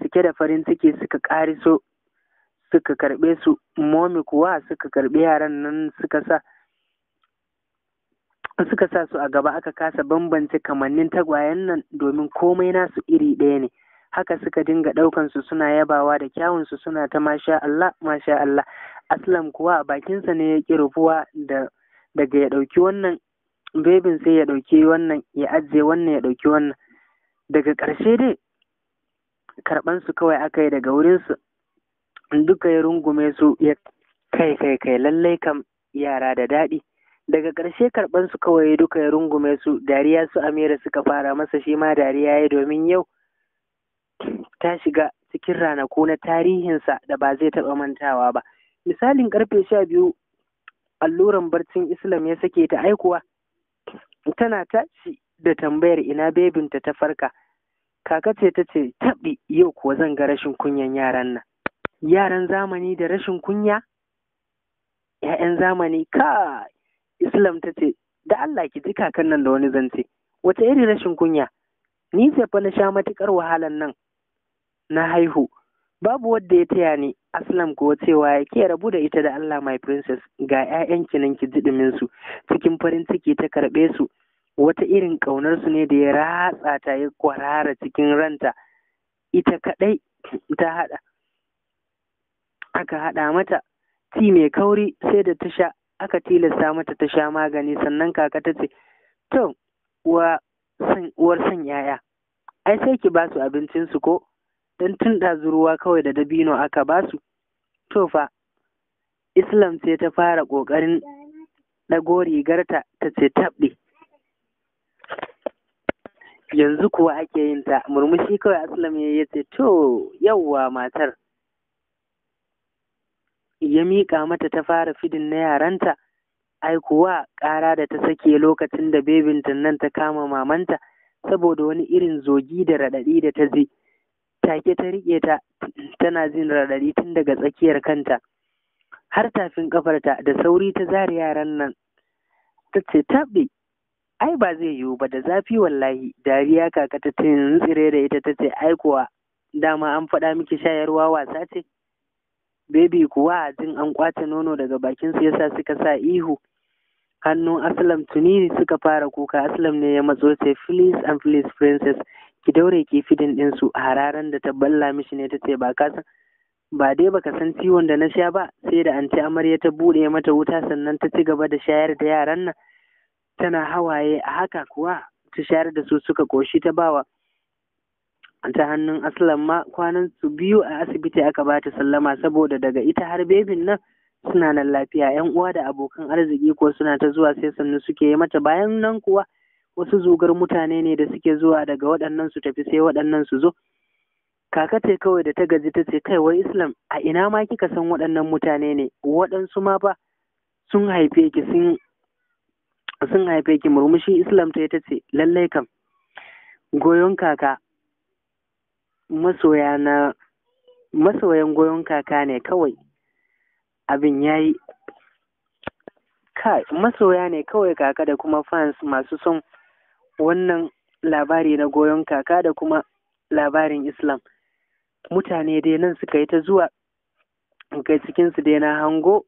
Rike da farin ciki suka ƙariso suka karɓe su momi kuwa suka karɓe yaran nan suka sa suka sa su a gaba aka kasa bambance kamannin tagwayen nan domin komai nasu iri ɗaya ne haka suka dinga ɗaukan su suna yabawa da kyawunsu suna ta masha Allah masha Allah Aslam kuwa bakinsa ne ya ƙi rufuwa da daga ya ɗauki wannan bebin sai ya ɗauki wannan ya ajiye wannan ya ɗauki wannan daga ƙarshe dai su kawai aka yi daga wurinsu duka ya rungume su ya kai kai kai lallai kam yara da daɗi daga ƙarshe su kawai duka ya rungume su dariya su amira suka fara masa shi ma dariya ya domin yau ta shiga cikin ranaku na tarihinsa da ba zai taɓa mantawa ba misalin ƙarfe sha biyu alluran barcin islam ya sake ta aikuwa tana tashi da tambayar ina bebinta ta farka kaka ce ta ce taɓi yau kuwa zan ga rashin kunyan yaran nan yaran zamani da rashin kunya ‘ya'yan zamani ka islam ta ce da allah ki ji kakan nan da wani zance wata iri rashin kunya ni ce fa na sha matuƙar wahalan nan na haihu babu wadda ya taya ni aslam kuwa cewa ya ke rabu da ita da allah my princess ga 'ya'yanki nan ki su cikin farin ciki ta karɓe su wata irin ƙaunar su ne da ya ratsa ta ya kwarara cikin ranta ita kaɗai ta haɗa aka haɗa mata ti mai kauri sai da ta sha aka tilasta mata ta sha magani sannan kaka ta ce to uwar san yaya ai sai ki ba su abincinsu ko don tun ɗazu ruwa kawai da dabino aka ba su to fa islam sai ta fara ƙoƙarin ɗago rigarta ta ce taɓe yanzu kuwa ake yin ta murmushi kawai aslam ya ce to yawwa matar ya miƙa mata ta fara fidin na yaranta ai kuwa ƙara da ta sake lokacin da bebinta nan ta kama mamanta saboda wani irin zogi da raɗaɗi da ta je take ta riƙe ta tana jin raɗaɗi tun daga tsakiyar kanta har tafin ƙafarta da sauri ta zare yaran nan ta ce taɓe ai ba zai yiwu ba da zafi wallahi dariya kaka ta tsire da ita ta ce ai kuwa dama an faɗa miki shayarwa wasa ce bebi kuwa jin an kwace nono daga bakin su yasa suka sa ihu hannun aslam tuni suka fara kuka aslam ne ya matso ce please and please princess ki daure ki fidin din su hararan da ta balla mishi ne ta ce ba ka san ba dai baka san ciwon da na sha ba sai da anti amarya ta bude mata wuta sannan ta ci gaba da shayar da yaran nan tana hawaye a haka kuwa ta shayar da su suka koshi ta bawa ta hannun aslan ma kwanan su biyu a asibiti aka ba ta sallama saboda daga ita har bebin nan suna nan lafiya yan uwa da abokan arziki ko suna ta zuwa sai sannu suke yi mata bayan nan kuwa wasu zugar mutane ne da suke zuwa daga waɗannan su tafi sai waɗannan su zo kaka ce kawai da ta gaji ta ce kai wai islam a ina ma kika san waɗannan mutane ne waɗansu ma ba sun haife ki sun sun haife ki murmushi islam ta ta ce lallai kam goyon kaka masoya na masoyan goyon kaka ne kawai abin yayi kai masoya ne kawai kaka da kuma fans masu son wannan labari na goyon kaka da kuma labarin Islam. Mutane dai nan suka yi ta zuwa cikin cikinsu dai na hango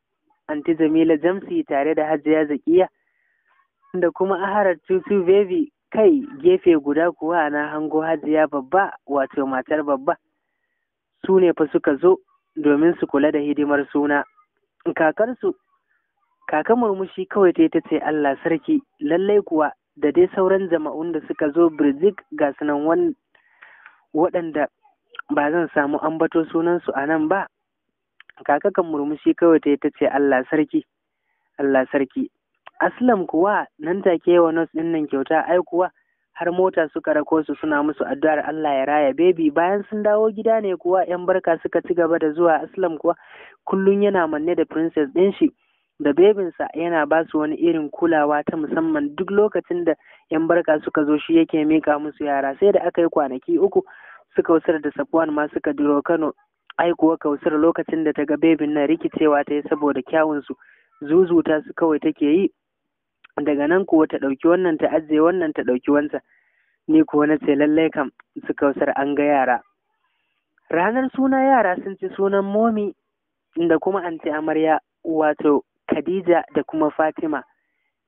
anti Jamila Jamsi tare da Hajiya Zakiya da kuma Aharar Tutu Baby kai gefe guda kuwa na hango Hajiya babba wato matar babba su ne fa suka zo domin su kula da hidimar suna kakarsu kaka murmushi kawai ta ta ce Allah sarki lallai kuwa da dai sauran jama'un da suka zo birjik ga sunan waɗanda ba zan samu ambato sunansu a nan ba kakakan murmushi kawai ta yi ta ce Allah sarki Allah sarki aslam kuwa nan take yawa nos ɗin nan kyauta ai kuwa har mota suka rako su suna musu addu'ar Allah ya raya bebi bayan sun dawo gida ne kuwa yan barka suka ci gaba da zuwa aslam kuwa kullum yana manne da princess ɗin shi da bebinsa yana ba su wani irin kulawa ta musamman duk lokacin da 'yan barka suka zo shi yake mika musu yara sai da aka yi kwanaki uku su kausar da safuwan ma suka duro kano ai kuwa kausar lokacin da ta ga bebin nan rikicewa ta yi saboda kyawunsu zuzuta su kawai take yi daga nan kuwa ta ɗauki wannan ta ajiye wannan ta ɗauki wanta. ni kuwa na ce lallai kam su kausar an ga yara ranar suna yara sun ci sunan momi da kuma an ce amarya wato Khadija da kuma Fatima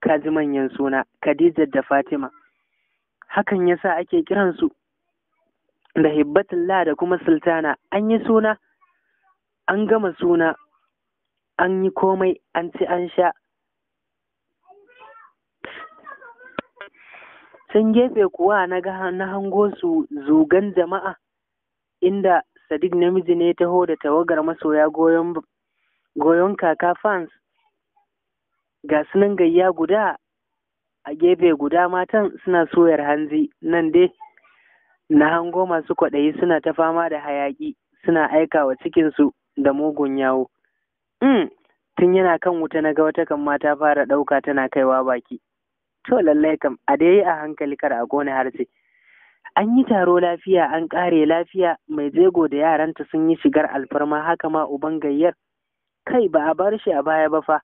ka ji manyan suna Khadija da Fatima hakan yasa ake kiransu da Hibbatullah da kuma Sultana an yi suna an gama suna an yi komai an ci an sha can gefe kuwa na ga na hango su zugan jama'a inda Sadiq namiji ne taho da tawagar masoya goyon goyon kaka fans ga sunan gayya guda a gefe guda matan suna soyar hanzi nan dai na hango masu kwaɗayi suna ta fama da hayaƙi suna aika wa cikinsu da mugun yawo mm, tun yana kan wuta na ga wata kan mata fara ɗauka tana kaiwa baki to lallai kam a dai a hankali kar a gona harshe an yi taro lafiya an ƙare lafiya mai jego da yaranta sun yi shigar alfarma haka ma uban gayyar kai ba a bar shi a baya ba fa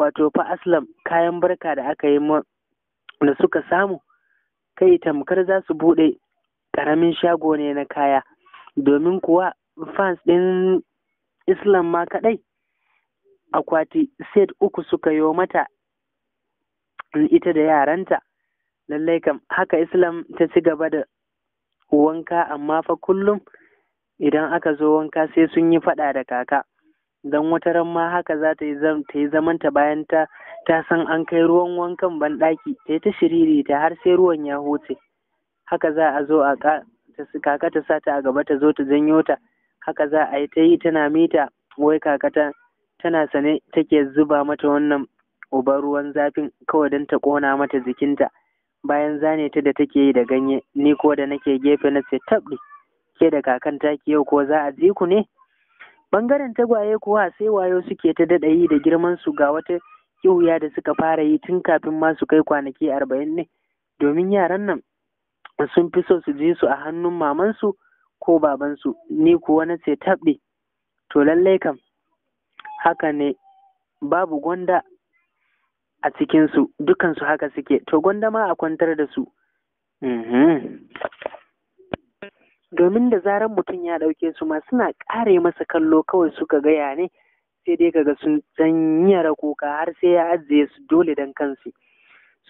wato fa aslam kayan barka da aka yi da suka samu kai tamkar za su buɗe ƙaramin shago ne na kaya domin kuwa fans ɗin islam ma kaɗai akwati set uku suka yi mata ita da yaranta lallai kam haka islam ta ci gaba da wanka amma fa kullum idan aka zo wanka sai sun yi faɗa da kaka don wata ran ma haka za ta yi zamanta bayan ta ta san an kai ruwan wankan banɗaki ta yi ta shiriri ta har sai ruwan ya huce haka za a zo a kaka ta sa ta a gaba ta zo ta janyo ta haka za a yi ta yi tana mita wai kaka ta tana sane take zuba mata wannan uban ruwan zafin kawai don ta ƙona mata jikinta bayan zane ta da take yi da ganye ni ko da nake gefe na ce tabɗi ke da kakan taki yau ko za a ji ku ne Bangaren tagwaye kuwa sai wayo suke ta daɗa da girman su ga wata kiwuya da suka fara yi tun kafin ma su kai kwanaki arba'in ne, domin yaran nan sun fi so su ji su a hannun mamansu ko babansu, ni kuwa na ce taɓe, to lallai kam haka ne babu gwanda a cikinsu dukansu haka suke, to gwanda ma a kwantar da su. Mhm. domin da zarar mutum ya ɗauke su ma suna ƙare masa kallo kawai suka gaya ne sai dai kaga sun zanyara kuka har sai ya ajiye su dole dan kansu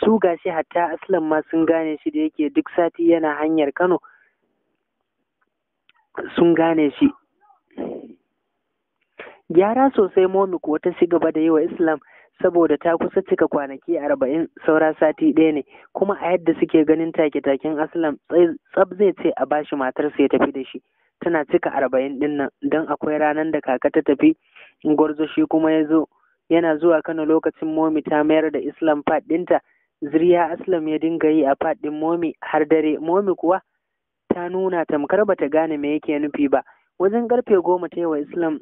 su gashi hatta aslan ma sun gane shi da yake duk sati yana hanyar kano sun gane shi gyara sosai momi wata ta ci gaba da yi wa islam saboda ta kusa cika kwanaki arba'in saura sati ɗaya ne kuma a yadda suke ganin take-taken aslam tsab zai ce a bashi matarsa ya tafi da shi tana cika arba'in ɗin nan don akwai ranar da kaka ta tafi gwarzo shi kuma ya zo yana zuwa kano lokacin momi ta mayar da islam fad ɗinta zirya aslam ya dinga yi a fad ɗin momi har dare momi kuwa ta nuna tamkar bata gane me yake nufi ba wajen karfe goma ta yi wa islam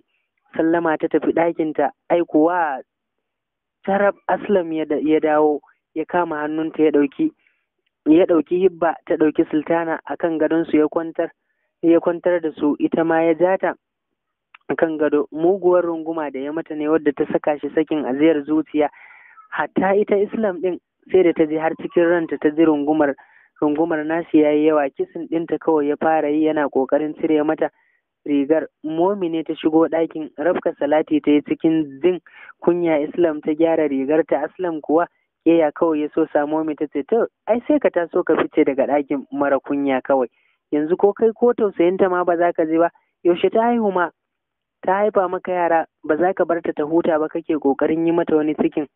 sallama ta tafi ɗakinta ai kuwa sarab aslam ya dawo ya kama hannunta ya ɗauki ya dauki hibba ta ɗauki sultana a kan su ya kwantar ya kwantar da su ita ma ya jata a kan gado muguwar runguma da ya mata ne wadda ta saka shi sakin aziyar zuciya hatta ita islam ɗin sai da ta ji har cikin ranta ta ji rungumar rungumar nasi yayi yawa kisin ɗinta kawai ya fara yi yana ƙoƙarin cire mata rigar. momi ne ta shigo ɗakin, rafka Salati ta yi cikin zin kunya Islam ta gyara rigar ta Aslam kuwa keya kawai ya so sa Momi ta ce, To, ai sai ka taso ka fice daga ɗakin mara kunya kawai. Yanzu ko kai ko tausayinta ma ba za ka je ba, yaushe ta haihu ma, ta haifa maka yara ba za ka bar ta huta ba kake kokarin yi mata wani cikin.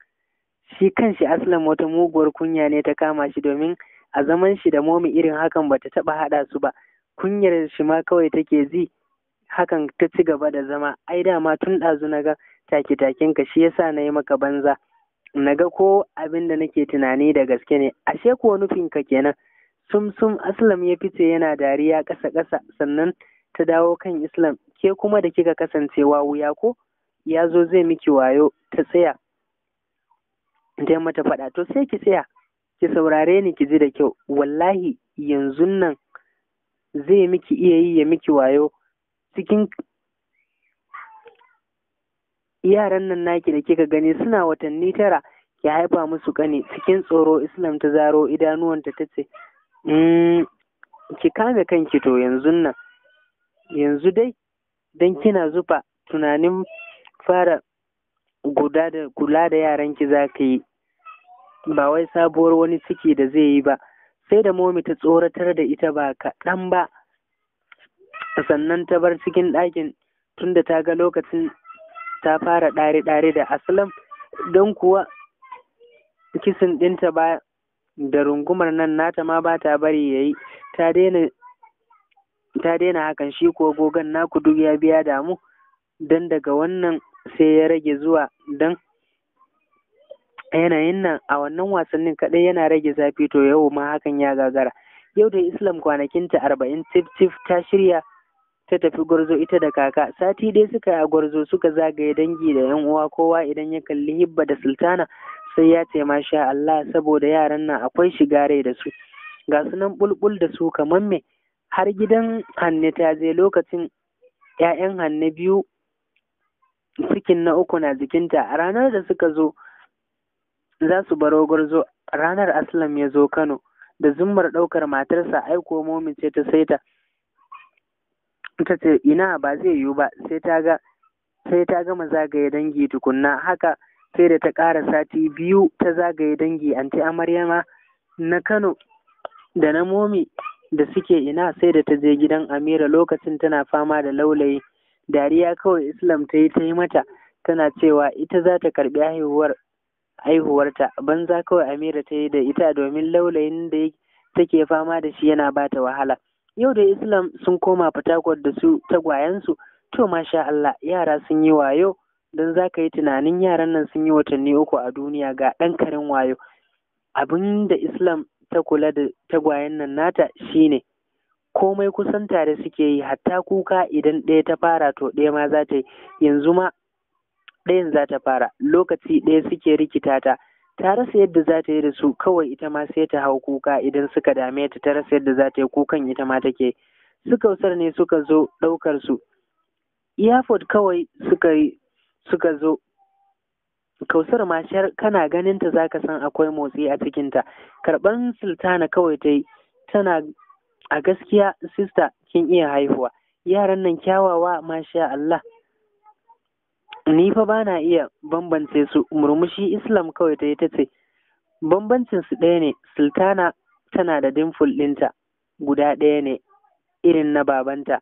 Shi kanshi Aslam wata muguwar kunya ne ta kama shi domin a zaman shi da momi irin hakan ba ta taɓa haɗa su ba. Kunyar shi ma kawai take ji hakan ta ci gaba da zama ai dama tun ɗazu na ga take-taken ka shi yasa na yi maka banza na ga ko abin da nake tunani da gaske ne ashe kuwa nufin ka kenan sum sum aslam ya fice yana dariya ƙasa ƙasa sannan ta dawo kan islam ke kuma da kika kasancewa wuya ko ya zo zai miki wayo ta tsaya dai mata faɗa to sai ki tsaya ki saurare ni ki ji da kyau wallahi yanzu nan zai miki iya yi ya miki wayo cikin yaran nan naki da kika gani suna watanni tara ki haifa musu ƙani cikin tsoro islam ta zaro idanuwanta ta ce mm, ki kame kanki to yanzu nan yanzu dai don kina zufa tunanin fara guda da kula da yaranki za ka yi ba wai sabuwar wani ciki da zai yi ba sai da momi ta tsoratar da ita ba kaɗan ba sannan ta bar cikin ɗakin tunda ta ga lokacin ta fara ɗare-ɗare da aslam don kuwa kisin ɗinta ba da rungumar nan nata ma ba ta bari ya yi ta daina hakan shi ko gogon naku duk ya biya damu don daga wannan sai ya rage zuwa don yanayin nan a wannan wasannin kaɗai yana rage zafi to yau ma hakan ya gagara yau da islam kwanakinta arba'in tif tif ta shirya ta tafi Gwarzo ita da kaka. Sati dai suka yi a Gwarzo suka zagaye dangi da ‘yan uwa kowa idan ya kalli Hibba da Sultana sai ya ce masha Allah saboda yaran nan akwai shiga rai da su. Ga su nan bulbul da su kamar me har gidan Hanne ta je lokacin ‘ya'yan Hanne biyu cikin na uku na jikinta a ranar da suka zo za su baro Gwarzo ranar Aslam ya zo Kano da zummar ɗaukar matarsa aiko momin ce ta saita. ta ce ina ba zai yiwu ba sai ta ga sai ta gama zagaye dangi tukunna haka sai da ta ƙara sati biyu ta zagaye dangi anti amaryama na kano da na momi da suke ina sai da ta je gidan amira lokacin tana fama da laulayi dariya kawai islam ta yi ta yi mata tana cewa ita za ta karɓi haihuwarta banza kawai amira ta yi da ita domin laulayin da take fama da shi yana bata ta wahala Yau da Islam sun koma Fatakwal da su tagwayensu, to masha Allah yara sun yi wayo don za ka yi tunanin yaran nan sun yi watanni uku a duniya ga ɗan karin wayo. Abin da Islam ta kula da tagwayen nan nata shine komai kusan tare suke yi hatta kuka idan ɗaya ta fara to ɗaya ma za ta yi yanzu ma ɗayan za ta fara lokaci ɗaya suke rikita ta ta rasa yadda za ta yi da su kawai ita ma sai ta hau kuka idan suka dame ta ta rasa yadda za ta yi kukan ita ma take su usar ne suka zo ɗaukar su Iyafod kawai suka yi suka zo kausar ma kana ganin ta zaka san akwai motsi a cikinta karɓar sultana kawai ta yi tana a gaskiya sista kin iya haihuwa yaran nan kyawawa masha Allah Ni fa ba na iya bambance su, murmushi Islam kawai ta yi ta ce, Bambancin su ɗaya ne, Sultana tana da dimful ɗinta guda ɗaya ne, irin na babanta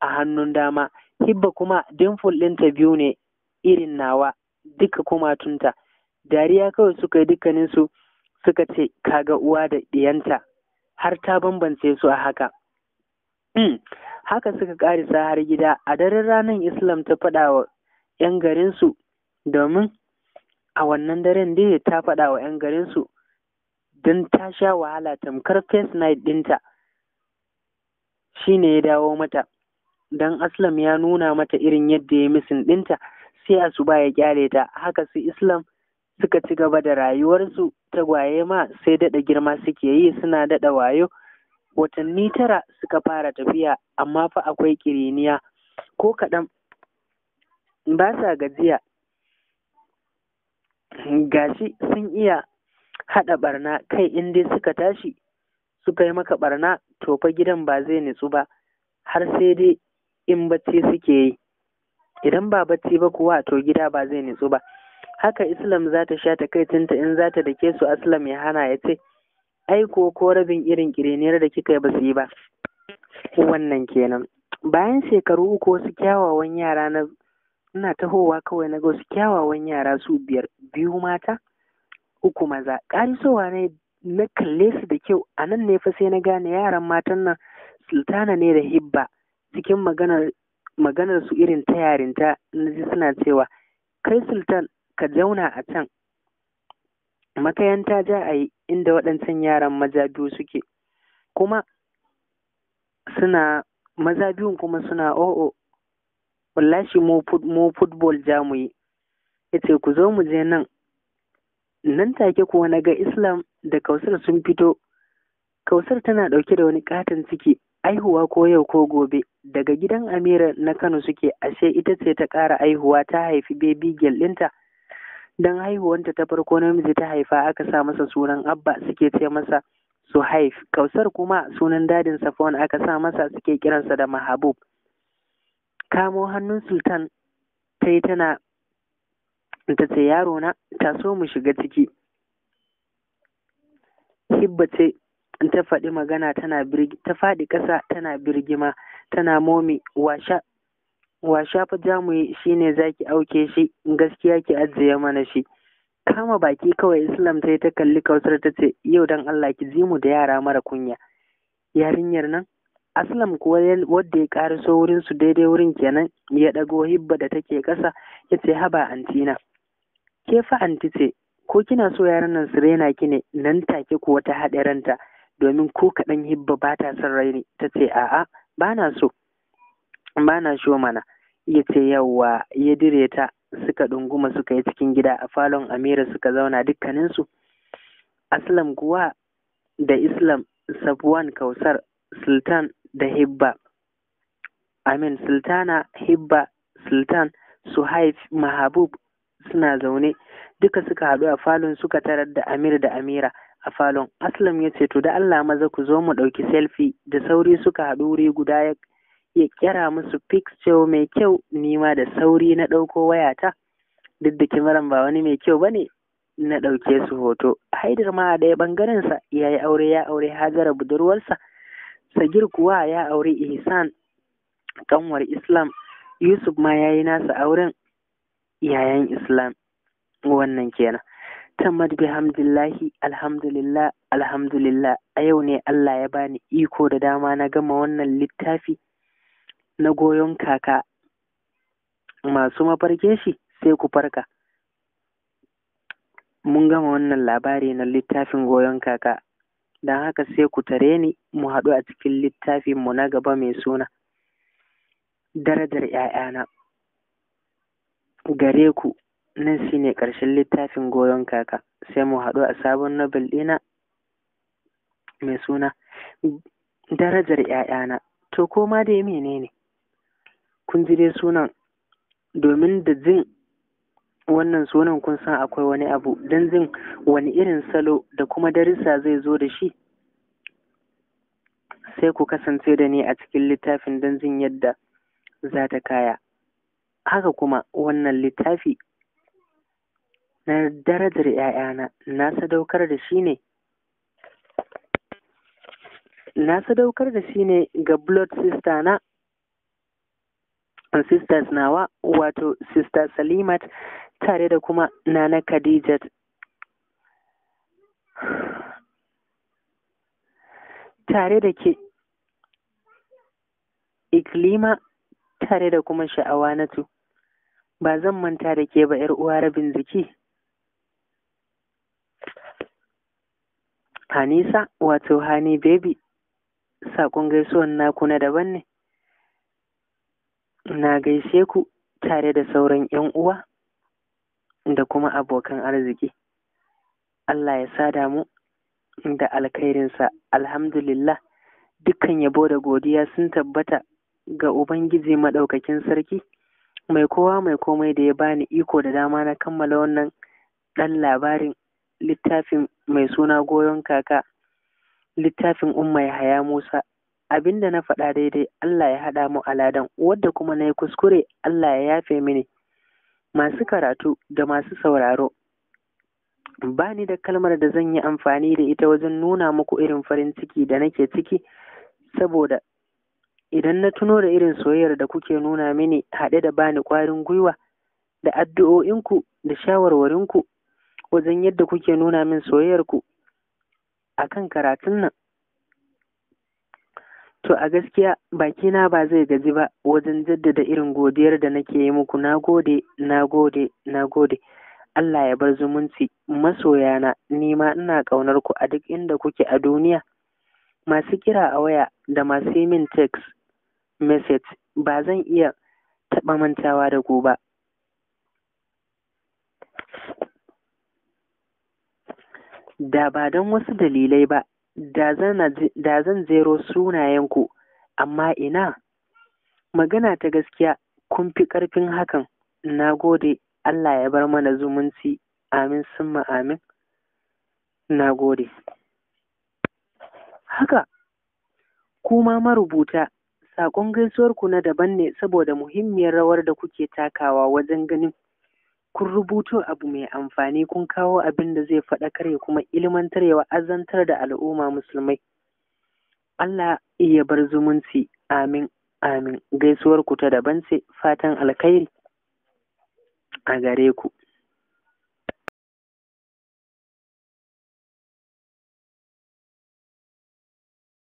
a hannun dama, Hibba kuma dimful ɗinta biyu ne irin nawa duka kuma kumatunta. Dariya kawai suka yi dukkaninsu suka ce, Kaga uwa da ɗiyanta, har ta bambance su a haka. Hmm. haka suka ƙarisa har gida a daren ranar Islam ta faɗa wa 'yan garinsu domin a wannan daren dai ta faɗa wa 'yan garinsu don ta sha wahala tamkar first night ɗinta shi ne ya dawo mata don aslam ya nuna mata irin yadda ya misin ɗinta sai asuba ya kyale ta haka su islam suka ci gaba da rayuwarsu gwaye ma sai daɗa girma suke yi suna daɗa wayo watanni tara suka fara tafiya amma fa akwai ƙiriniya ko kaɗan ba sa gajiya gashi sun iya haɗa ɓarna kai in dai suka tashi suka yi maka barna to fa gidan ba zai nitsu ba har sai dai in bacci suke yi idan ba bacci ba kuwa to gida ba zai nitsu ba haka islam za ta sha takaitinta, in za ta dake su aslam ya hana ya ce aiko ko rabin irin kireniyar da kika yi ba su yi ba wannan kenan bayan shekaru uku wasu kyawawan yara na ina tahowa kawai na ga wasu kyawawan yara su biyar biyu mata uku maza ƙarisowa ne na kalle su da kyau a nan ne fa sai na gane yaran matan nan sultana ne da hibba cikin maganar su irin ta yarinta na ji suna cewa kai sultan ka zauna a can makayanta ja a yi inda waɗancan yaran maza biyu suke kuma suna maza biyun kuma suna o'o oh, oh, Wallashi mu football ja mu yi ya ce ku zo mu je nan nan take kuwa na ga islam da kausar sun fito kausar tana ɗauke da wani katin ciki aihuwa ko yau ko gobe daga gidan amira na kano suke ashe ita ce ta ƙara aihuwa ta haifi baby girl ɗinta don haihuwanta ta farko namiji ta haifa aka sa masa sunan abba suke ce masa su haif kausar kuma sunan dadin safon aka sa masa suke kiransa da mahabub kamo hannun sultan ta yi tana ta ce yaro na ta so mu shiga ciki hibba ce ta faɗi magana tana ta faɗi ƙasa tana birgima tana momi washa washa fa ne? Za ki auke shi gaskiya ki ajiye mana shi kama baki kawai islam ta yi ta kalli kausar ta ce yau dan allah ki ji mu da yara mara kunya yarinyar nan aslam kuwa wadda ya ƙariso wurin su daidai wurin kenan ya ɗago hibba da take ƙasa ya ce haba antina ke fa anti ce ko kina so yaran nan su raina ki ne nan take kuwa ta haɗe ranta domin ko kaɗan hibba ba ta son raini ta ce a'a ba na so ba na so mana ya ce yawwa ya dire ta suka ɗunguma suka yi cikin gida a falon amira suka zauna dukkaninsu aslam kuwa da islam safwan kausar sultan da hibba amin sultana hibba sultan suhaif mahabub suna zaune duka suka haɗu a falon suka tarar da amir da amira a falon aslam ya ce to da allah maza ku zo mu ɗauki selfie da sauri suka haɗu wuri guda ya ya kira musu picture mai kyau nima da sauri na ɗauko wayata duk da kimaran ba wani mai kyau bane na ɗauke su hoto haidar ma a ɗaya ɓangarensa ya yi aure ya aure hajara budurwarsa Sagir kuwa ya auri Ihsan kanwar Islam, Yusuf ma ya yi nasa auren yayan Islam wannan kenan. Tammad bihamdillahi alhamdulillah alhamdulillah a yau ne Allah ya bani iko da dama na gama wannan littafi na goyon kaka masu mafarke shi sai ku farka. Mun gama wannan labari na littafin goyon kaka don haka sai ku tare ni mu haɗu a cikin littafinmu na gaba mai suna darajar ‘ya'yana gare ku nan shi ne ƙarshen littafin goyon kaka sai mu haɗu a sabon nobel ɗina mai suna darajar ‘ya'yana to koma dai menene kun ji dai sunan domin da jin wannan sunan kun san akwai wani abu don zin wani irin salo da kuma darissa zai zo da shi sai ku kasance da ni a cikin littafin don jin yadda za ta kaya haka kuma wannan littafi na darajar 'ya'yana na sadaukar da shi ne na sadaukar da shi ne ga blood sister na sisters nawa wato sister salimat tare da kuma nana khadijat tare da ke iklima tare da kuma sha'awa na tu ba zan manta da ke ba ‘yar uwa rabin ziki hanisa wato hani baby saƙon gaisuwan naku na daban ne na gaishe ku tare da sauran ‘yan uwa da kuma abokan arziki Allah ya sada mu da alkhairinsa alhamdulillah dukkan yabo da godiya sun tabbata ga Ubangiji maɗaukakin sarki mai kowa mai komai da ya bani iko da dama na kammala wannan ɗan labarin littafin mai suna goyon kaka littafin umma haya musa abinda na faɗa daidai allah ya haɗa mu aladan wadda kuma na yi kuskure allah ya yafe mini masu karatu da masu sauraro ba ni da kalmar da zan yi amfani da ita wajen nuna muku irin farin ciki da nake ciki saboda idan na tuno da irin soyayyar da kuke nuna mini haɗe da bani ƙwarin gwiwa da addu'o'inku da shawarwarinku wajen yadda kuke nuna min soyayyarku a kan karatun nan To a gaskiya bakina ba zai gaji ba wajen jaddada irin godiyar da nake yi muku na gode, na gode, na gode. Allah ya bar zumunci masoyana nima ma ina ƙaunar ku a duk inda kuke a duniya. Masu kira a waya da masu yi min text message ba zan iya taɓa mantawa da ku ba. Da ba don wasu dalilai ba da zan zero sunayenku amma ina magana ta gaskiya kun fi ƙarfin hakan na gode Allah ya bar mana zumunci amin summa amin na gode haka kuma marubuta saƙon gaisuwarku na daban ne saboda muhimmiyar rawar da kuke takawa wajen ganin kun rubuto abu mai amfani kun kawo abin da zai faɗakar ya kuma ilmantar ya wa'azantar da al'umma musulmai Allah iya bar zumunci amin amin gaisuwar ku ta daban ce fatan alkhairi a gare ku